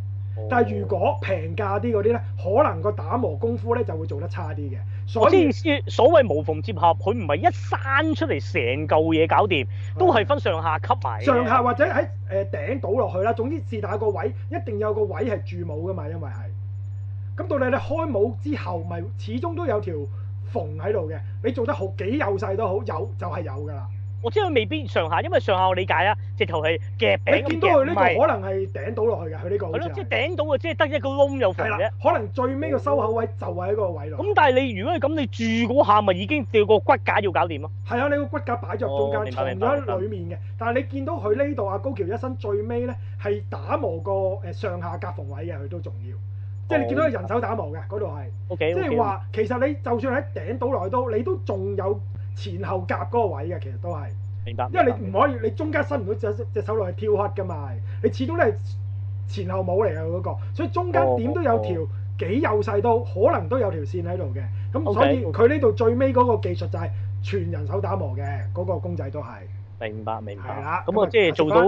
但係如果平價啲嗰啲咧，可能個打磨功夫咧就會做得差啲嘅。所以所謂無縫接合，佢唔係一閂出嚟成嚿嘢搞掂，都係分上下級埋。上下或者喺誒頂倒落去啦，總之自打個位一定有個位係住冇噶嘛，因為係咁到你開冇之後，咪始終都有條縫喺度嘅。你做得好幾幼細都好，有就係、是、有噶啦。我知佢未必上下，因為上下我理解啊，直頭係夾，夾你見到佢呢度可能係頂到落去嘅，佢呢個。係即係頂到，啊！即係得一個窿又肥可能最尾個收口位就係喺個位度。咁、嗯嗯嗯、但係你如果係咁，你住嗰下咪已經掉個骨架要搞掂咯。係啊，你個骨架擺喺中間，藏喺裏面嘅。白但係你見到佢呢度阿高橋一身最尾咧係打磨個誒上下夾縫位嘅，佢都重要。哦、即係你見到佢人手打磨嘅嗰度係。O K、嗯。即係話其實你就算喺頂到落去都，你都仲有。前後夾嗰個位嘅，其實都係，明白，因為你唔可以，你中間伸唔到隻隻手落去挑黑㗎嘛，你始終都係前後冇嚟嘅嗰個，所以中間點都有條幾幼細都，可能都有條線喺度嘅，咁所以佢呢度最尾嗰個技術就係全人手打磨嘅，嗰個公仔都係，明白明白，咁啊即係做到，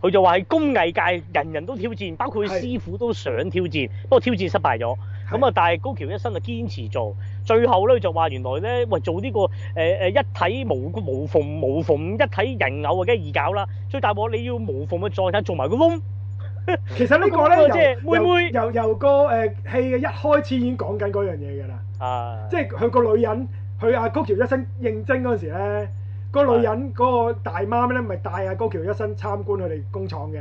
佢就話係工藝界人人都挑戰，包括師傅都想挑戰，不過挑戰失敗咗，咁啊但係高橋一生就堅持做。最後咧就話原來咧喂做呢個誒誒一體無無縫無縫一體人偶啊，梗係易搞啦！最大鑊你要無縫咪再做埋個窿。其實呢個咧由妹妹由由個誒戲嘅一開始已經講緊嗰樣嘢㗎啦。啊！即係佢個女人，佢阿高橋一生應徵嗰陣時咧，個女人嗰個大媽咧咪帶阿高橋一生參觀佢哋工廠嘅。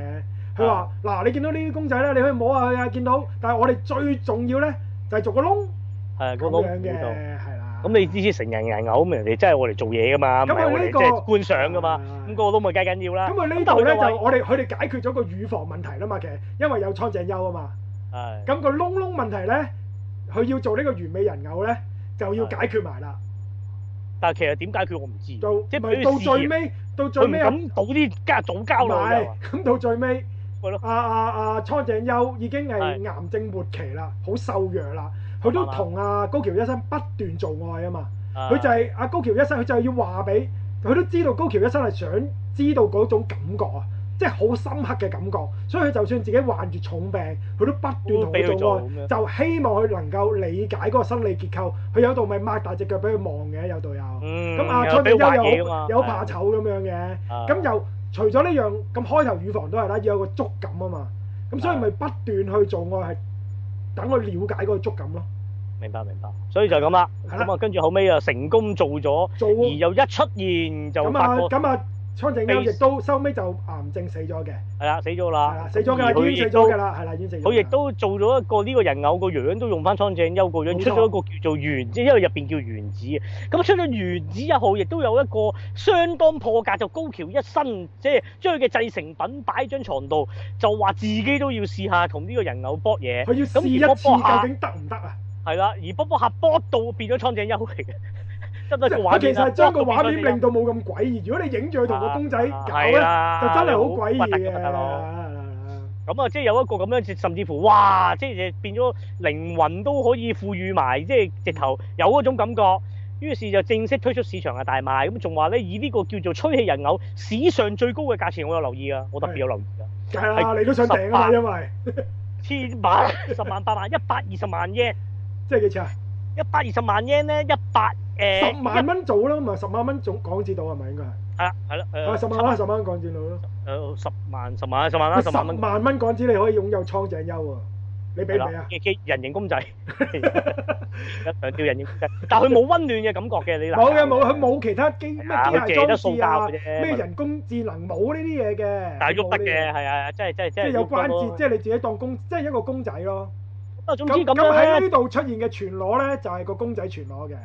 佢話：嗱，你見到呢啲公仔咧，你可以摸下佢啊，見到。但係我哋最重要咧就係做個窿。係，個窿唔會到。咁你呢啲成人人偶咁，人哋真係攞嚟做嘢㗎嘛？咁佢呢個即係觀賞㗎嘛？咁個窿咪梗緊要啦。咁啊呢度咧就我哋佢哋解決咗個乳房問題啦嘛，其實因為有蒼井優啊嘛。係。咁個窿窿問題咧，佢要做呢個完美人偶咧，就要解決埋啦。但係其實點解決我唔知。到即係到最尾，到最尾。唔敢早啲交，早交落嚟。咁到最尾，係咯。阿阿阿蒼井優已經係癌症末期啦，好瘦弱啦。佢都同阿高橋一生不斷做愛啊嘛！佢就係阿高橋一生，佢就要話俾佢都知道高橋一生係想知道嗰種感覺啊，即係好深刻嘅感覺。所以佢就算自己患住重病，佢都不斷同佢做愛，就希望佢能夠理解嗰個生理結構。佢有度咪擘大隻腳俾佢望嘅，有度又咁阿蔡少秋又好，又好怕醜咁樣嘅。咁又除咗呢樣咁開頭乳房都係啦，要有個觸感啊嘛。咁所以咪不斷去做愛，係等佢瞭解嗰個觸感咯。明白明白，所以就係咁啦。咁啊了，跟住後屘啊，成功做咗，做而又一出現就發光。咁啊，咁啊，蒼井亦都收尾就癌症死咗嘅。係啦、啊，死咗啦。死咗嘅，啦，係啦，佢亦都，都做咗一個呢、呢個人偶個樣都用翻蒼井優個樣，啊、出咗一個叫做原子，因為入邊叫原子嘅。咁出咗原子一號，亦都有一個相當破格，就高橋一生即係將佢嘅製成品擺張床度，就話自己都要試下同呢個人偶搏嘢。佢要試一試，究竟得唔得啊？係啦、啊，而波波下波到變咗蒼井優嚟，即其實將個畫面令到冇咁詭異。如果你影住佢同個公仔搞，係就真係好詭異啊！咁啊，即係、啊、有一個咁樣，甚至乎哇，即、就、係、是、變咗靈魂都可以賦予埋，即、就、係、是、直頭有嗰種感覺。於是就正式推出市場嘅大賣咁，仲話咧以呢個叫做吹氣人偶史上最高嘅價錢，我有留意啊，我特別有留意是啊。係啊，你都想訂啊，因為千萬、十萬、八萬、一百二十萬嘅。即係幾錢啊？一百二十萬 yen 咧，一百誒十萬蚊組咯，咪十萬蚊總港紙度啊？咪應該係係啦，係啦，係十萬蚊，十萬港紙度咯。誒十萬，十萬，十萬啦，十萬蚊。十萬蚊港紙你可以擁有蒼井優啊。你俾唔俾啊？人形公仔，一條人形公仔。但係佢冇温暖嘅感覺嘅，你男冇嘅冇，佢冇其他機咩機械裝置啊，咩人工智能冇呢啲嘢嘅。但係喐得嘅係啊，即係即係即係有關節，即係你自己當公，即係一個公仔咯。咁咁喺呢度出現嘅全裸咧，就係個公仔全裸嘅。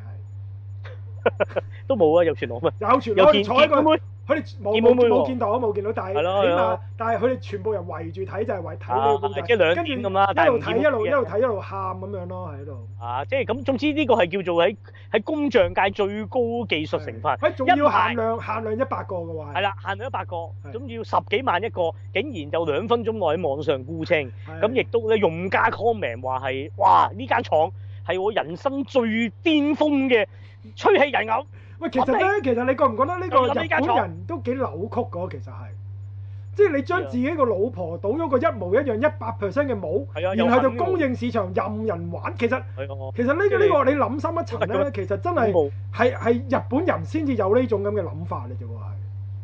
都冇啊，有全裸咩？有全裸彩個妹。見佢哋冇冇冇見到，冇見到，但係起碼，但係佢哋全部人圍住睇就係圍睇呢個故事，跟住一路睇一路一路睇一路喊咁樣咯喺度。啊，即係咁，總之呢個係叫做喺喺工匠界最高技術成分。誒，仲要限量，限量一百個嘅話。係啦，限量一百個，咁要十幾萬一個，竟然就兩分鐘內喺網上沽清，咁亦都咧，用家 comment 話係：哇！呢間廠係我人生最巔峰嘅吹氣人偶。喂，其實咧，其實你覺唔覺得呢個日本人都幾扭曲噶？其實係，即係你將自己個老婆倒咗個一模一樣一百 percent 嘅帽，然後就供應市場任人玩。其實，其實呢個呢個你諗深一層咧，其實真係係係日本人先至有呢種咁嘅諗法嚟啫喎。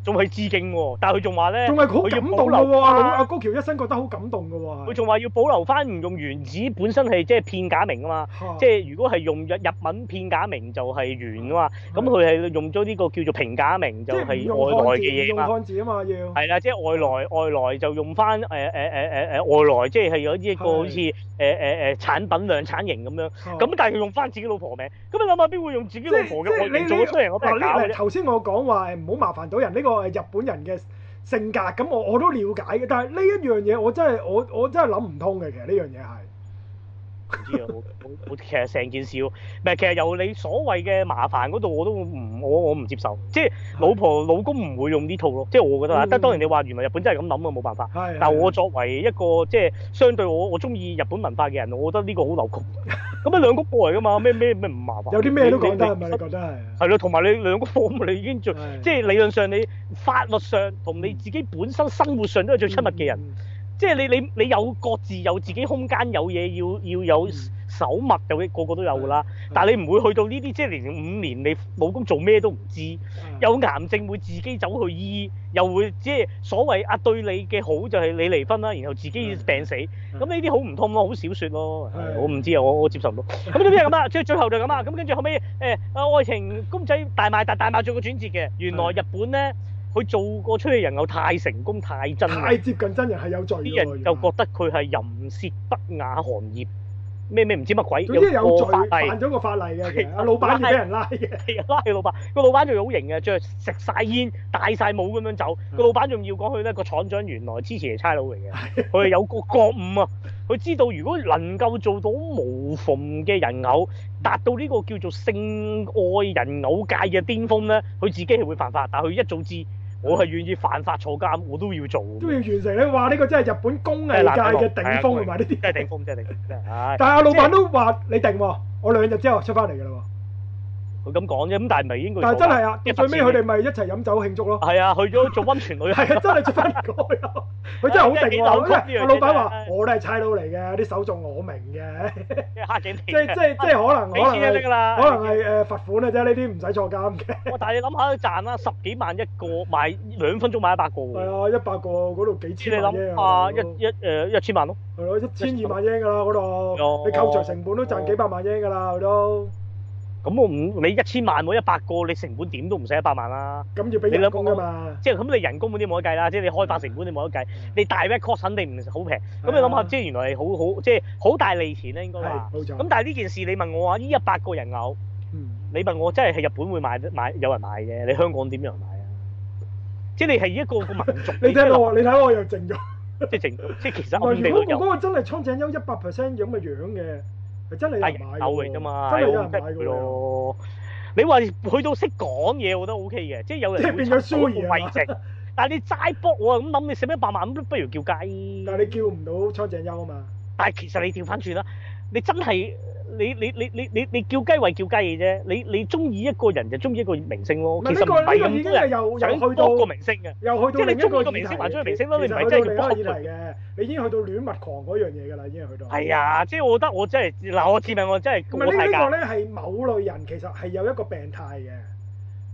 仲係致敬喎，但係佢仲話咧，仲係佢感動流喎，阿阿高橋一生覺得好感動嘅喎。佢仲話要保留翻唔用原字，本身係即係片假名啊嘛，即係如果係用日日文片假名就係原啊嘛，咁佢係用咗呢個叫做平假名，就係外來嘅嘢，用漢字，用啊嘛要。係啦，即係外來外來就用翻誒誒誒誒誒外來，即係有嗰一個好似誒誒誒產品量產型咁樣。咁但係佢用翻自己老婆名，咁你諗下邊會用自己老婆嘅名做出嚟？我咩頭先我講話唔好麻煩到人呢個。係日本人嘅性格，咁我我都了解嘅。但係呢一樣嘢，我真係我我真係諗唔通嘅。其實呢樣嘢係。唔 知啊，我我其實成件事，唔係其實由你所謂嘅麻煩嗰度我都唔，我我唔接受，即係老婆的老公唔會用呢套咯，即係我覺得啦。嗯、當然你話原來日本真係咁諗啊，冇辦法。的但係我作為一個即係相對我我中意日本文化嘅人，我覺得呢個好扭曲。咁啊 兩公婆嚟㗎嘛，咩咩咩唔麻煩。有啲咩都講得係咪？覺得係。係咯，同埋你兩公婆你已經最，的即係理論上你法律上同你自己本身生活上都係最親密嘅人。嗯即係你你你有各自有自己空間，有嘢要要有守密，就個個都有噶啦。但係你唔會去到呢啲，即係連五年你老公做咩都唔知，有癌症會自己走去醫，又會即係所謂阿對你嘅好就係你離婚啦，然後自己病死。咁呢啲好唔通咯，好少説咯，我唔知啊，我我接受唔到。咁呢啲咁啊，即係最後就咁啊。咁跟住後尾，誒啊愛情公仔大賣大大賣做個轉折嘅，原來日本咧。佢做個出嘅人偶太成功、太真的、太接近真人係有，有罪，啲人又覺得佢係淫褻不雅行業，咩咩唔知乜鬼，總之有罪，犯咗個法例嘅。是實老闆係俾人拉嘅，拉老闆，個老闆仲好型嘅，著食曬煙、戴曬帽咁樣走。個老闆仲要講佢咧，個廠長原來之前係差佬嚟嘅，佢的有個覺悟啊。佢 知道如果能夠做到無縫嘅人偶，達到呢個叫做性愛人偶界嘅巔峰咧，佢自己係會犯法，但係佢一早知。我係願意犯法坐監，我都要做，都要完成。你話呢個真係日本工藝界嘅頂峰，同埋呢啲係頂峰。真係頂峯。但係阿老闆都話你定喎，就是、我兩日之後出翻嚟㗎啦喎。佢咁講啫，咁但係唔係應該？但係真係啊！跌最尾佢哋咪一齊飲酒慶祝咯。係啊，去咗做溫泉女。係啊，真係出翻街啊！佢真係好勁啊！即係，老闆話：我都係差佬嚟嘅，啲手續我明嘅。即係即係即係可能可能係可能係誒罰款啊啫！呢啲唔使坐監嘅。哇！但係你諗下佢賺啦，十幾萬一個買兩分鐘買一百個。係啊，一百個嗰度幾千萬啊！一一誒一千萬咯。係咯，一千二萬英噶啦嗰度，你扣除成本都賺幾百萬英噶啦都。咁我唔，你一千萬喎，一百個你成本點都唔使一百萬啦。咁要俾人工㗎嘛？即係咁你人工嗰啲冇得計啦，即係你開發成本你冇得計。的你大咩確肯定唔好平。咁的你諗下，即係原來係好好，即係好大利錢咧，應該話。冇錯。咁但係呢件事你問我話，呢一百個人偶，你問我，、嗯、你問我真係係日本會買得有人買嘅？你香港點樣買啊？即係 你係一個個民族。你睇我，你睇我又靜咗。 即係即係其實我唔定如果我真係蒼井優一百 percent 咁嘅樣嘅。係真嚟，偶人買的人的嘛，真係有人買嘅咯。嗯、你話去到識講嘢，我覺得 O K 嘅，即係有人會識講嘢。即係變咗直。但係你齋卜我咁諗，你寫一百萬不如叫雞。但係你叫唔到蔡正秋啊嘛。但係其實你調翻轉啦，你真係。你你你你你你叫雞為叫雞嘅啫，你你中意一個人就中意一個明星咯，其實唔係咁啲人又去到個明星嘅，又去到即係你中意個明星個還中意明星咯，實你唔係真係要幫佢嘅。你已經去到戀物狂嗰樣嘢㗎啦，已經去到。係啊、哎，即係我覺得我真係嗱，我自命我真係，我，我，我太過咧係某類人其實係有一個病態嘅，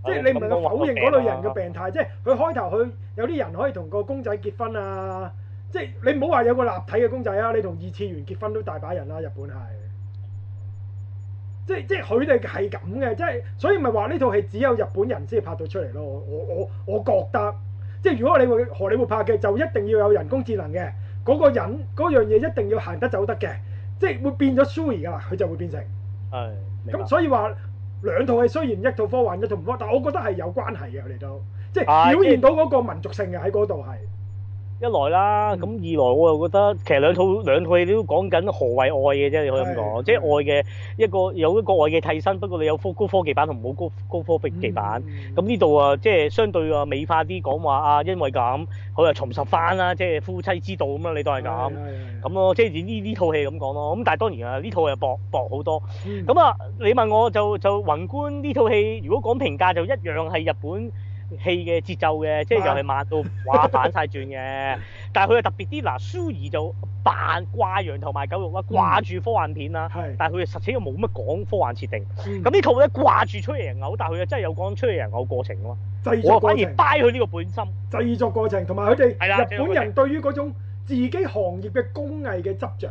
即係你唔能夠否認嗰類人嘅病態，即係佢開頭佢有啲人可以同個公仔結婚啊，即係你唔好話有個立體嘅公仔啊，你同二次元結婚都大把人啦、啊，日本係。即係即係佢哋係咁嘅，即係所以咪話呢套戲只有日本人先拍到出嚟咯。我我我我覺得，即係如果你會何你會拍嘅，就一定要有人工智能嘅嗰、那個人嗰樣嘢一定要行得走得嘅，即係會變咗 Siri 㗎啦，佢就會變成。係白。咁所以話兩套戲雖然一套科幻，一套唔科幻，但我覺得係有關係嘅佢哋都，即係、啊、表現到嗰個民族性嘅喺嗰度係。一來啦，咁、嗯、二來我又覺得其實兩套兩、嗯、套戲都講緊何為愛嘅啫，對你可以咁講，對即係愛嘅一個有一個愛嘅替身，不過你有高高科技版同冇高高科技版。咁呢度啊，即係相對啊美化啲講話啊，因為咁佢又重拾翻啦，即係夫妻之道咁樣，你當係咁咁咯，即係呢呢套戲咁講咯。咁但係當然啊，呢套係薄薄好多。咁啊、嗯，你問我就就宏觀呢套戲，如果講評價就一樣係日本。戲嘅節奏嘅，即係又係抹到話反晒轉嘅。 但係佢又特別啲，嗱，蘇兒就扮掛羊頭賣狗肉啦，掛住科幻片啦。係、嗯。但係佢嘅實情又冇乜講科幻設定。係、嗯。咁呢套咧掛住出嚟人偶，但係佢又真係有講出嚟人偶過程咯。製作過程。反而 buy 佢呢個本心。製作過程同埋佢哋日本人對於嗰種自己行業嘅工藝嘅執着，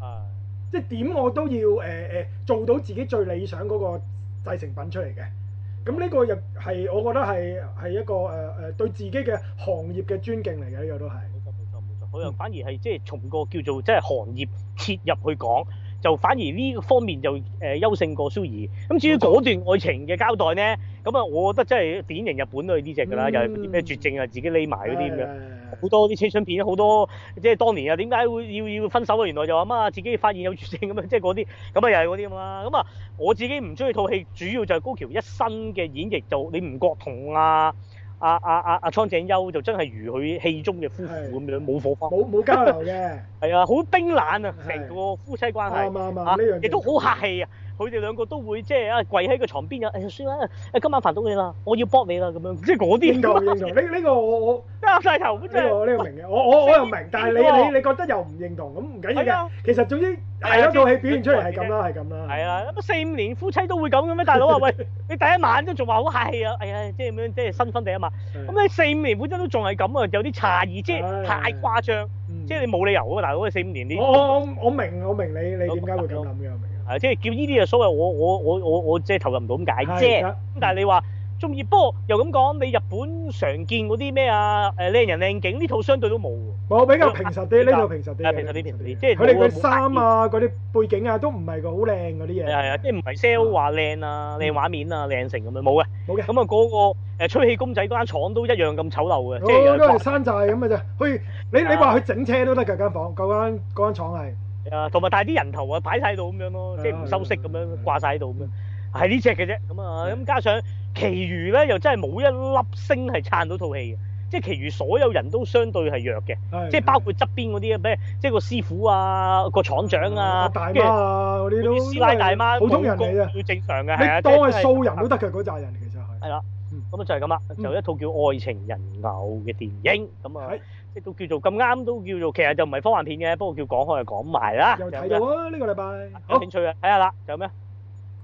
啊。即係點我都要誒誒、呃、做到自己最理想嗰個製成品出嚟嘅。咁呢個又係我覺得係係一個誒誒、呃、對自己嘅行業嘅尊敬嚟嘅，呢個都係。冇錯冇錯，好反而係即係從個叫做即係行業切入去講，就反而呢方面就誒、呃、優勝過舒怡。咁至於嗰段愛情嘅交代咧，咁啊，冇錯，我覺得真係典型日本都係呢隻㗎啦，嗯、又係啲咩絕症啊，自己匿埋嗰啲咁好多啲青春片，好多即係當年啊！點解會要要分手啊？原來就話嘛，自己發現有絕症咁樣，即係嗰啲咁啊，又係嗰啲嘛。咁啊，我自己唔中意套戲，主要就係高橋一生嘅演繹就你唔覺同啊，阿阿阿阿蒼井優就真係如佢戲中嘅夫婦咁是樣冇火花，冇冇交流嘅。係 啊，好冰冷啊，成是個夫妻關係啊，亦、啊、都好客氣啊。佢哋兩個都會即係啊跪喺個床邊啊，算啦，今晚煩到你啦，我要搏你啦咁樣，即係嗰啲。呢呢個我我壓曬頭，即係我呢個明嘅，我我我又明，但係你你你覺得又唔認同咁，唔緊要，其實總之係嗰套戲表現出嚟係咁啦，係咁啦。係啊，四五年夫妻都會咁嘅咩？大佬啊喂，你第一晚都仲話好客氣啊，哎呀，即係咁樣，即係新婚第一晚，咁你四五年本身都仲係咁啊，有啲詫異即係太誇張，即係你冇理由嘅，大佬，四五年啲。我我我明，我明你你點解會咁諗即係叫呢啲啊，所謂我我我我我即係投入唔到咁解啫。咁但係你話中意，不過，又咁講，你日本常見嗰啲咩啊？誒靚人靚景呢套相對都冇。我比較平實啲，呢度平實啲。平實啲平實啲，即係佢哋嘅衫啊，嗰啲背景啊，都唔係個好靚嗰啲嘢。係啊，即係唔係 sell 話靚啊，靚畫面啊，靚成咁樣冇嘅。冇嘅。咁啊，嗰個吹氣公仔嗰間廠都一樣咁醜陋嘅。即哦，都係山寨咁嘅啫。去你你話去整車都得，嗰間房，嗰間嗰間廠係。係同埋帶啲人頭啊，擺晒喺度咁樣咯，即係唔收息咁樣掛晒喺度咁樣，係呢隻嘅啫。咁啊，咁加上，其餘咧又真係冇一粒星係撐到套戲嘅，即係其餘所有人都相對係弱嘅，即係包括側邊嗰啲咩，即係個師傅啊，個廠長啊，大媽啊都，大媽，普通人嚟正常嘅，你當係素人都得嘅，嗰扎人其實係，係啦，咁啊就係咁啦，就一套叫《愛情人偶》嘅電影，咁啊。即係都叫做咁啱，都叫做其實就唔係科幻片嘅，不過叫講開就講埋啦。又睇到喎，呢個禮拜有興趣嘅睇好下啦，仲有咩？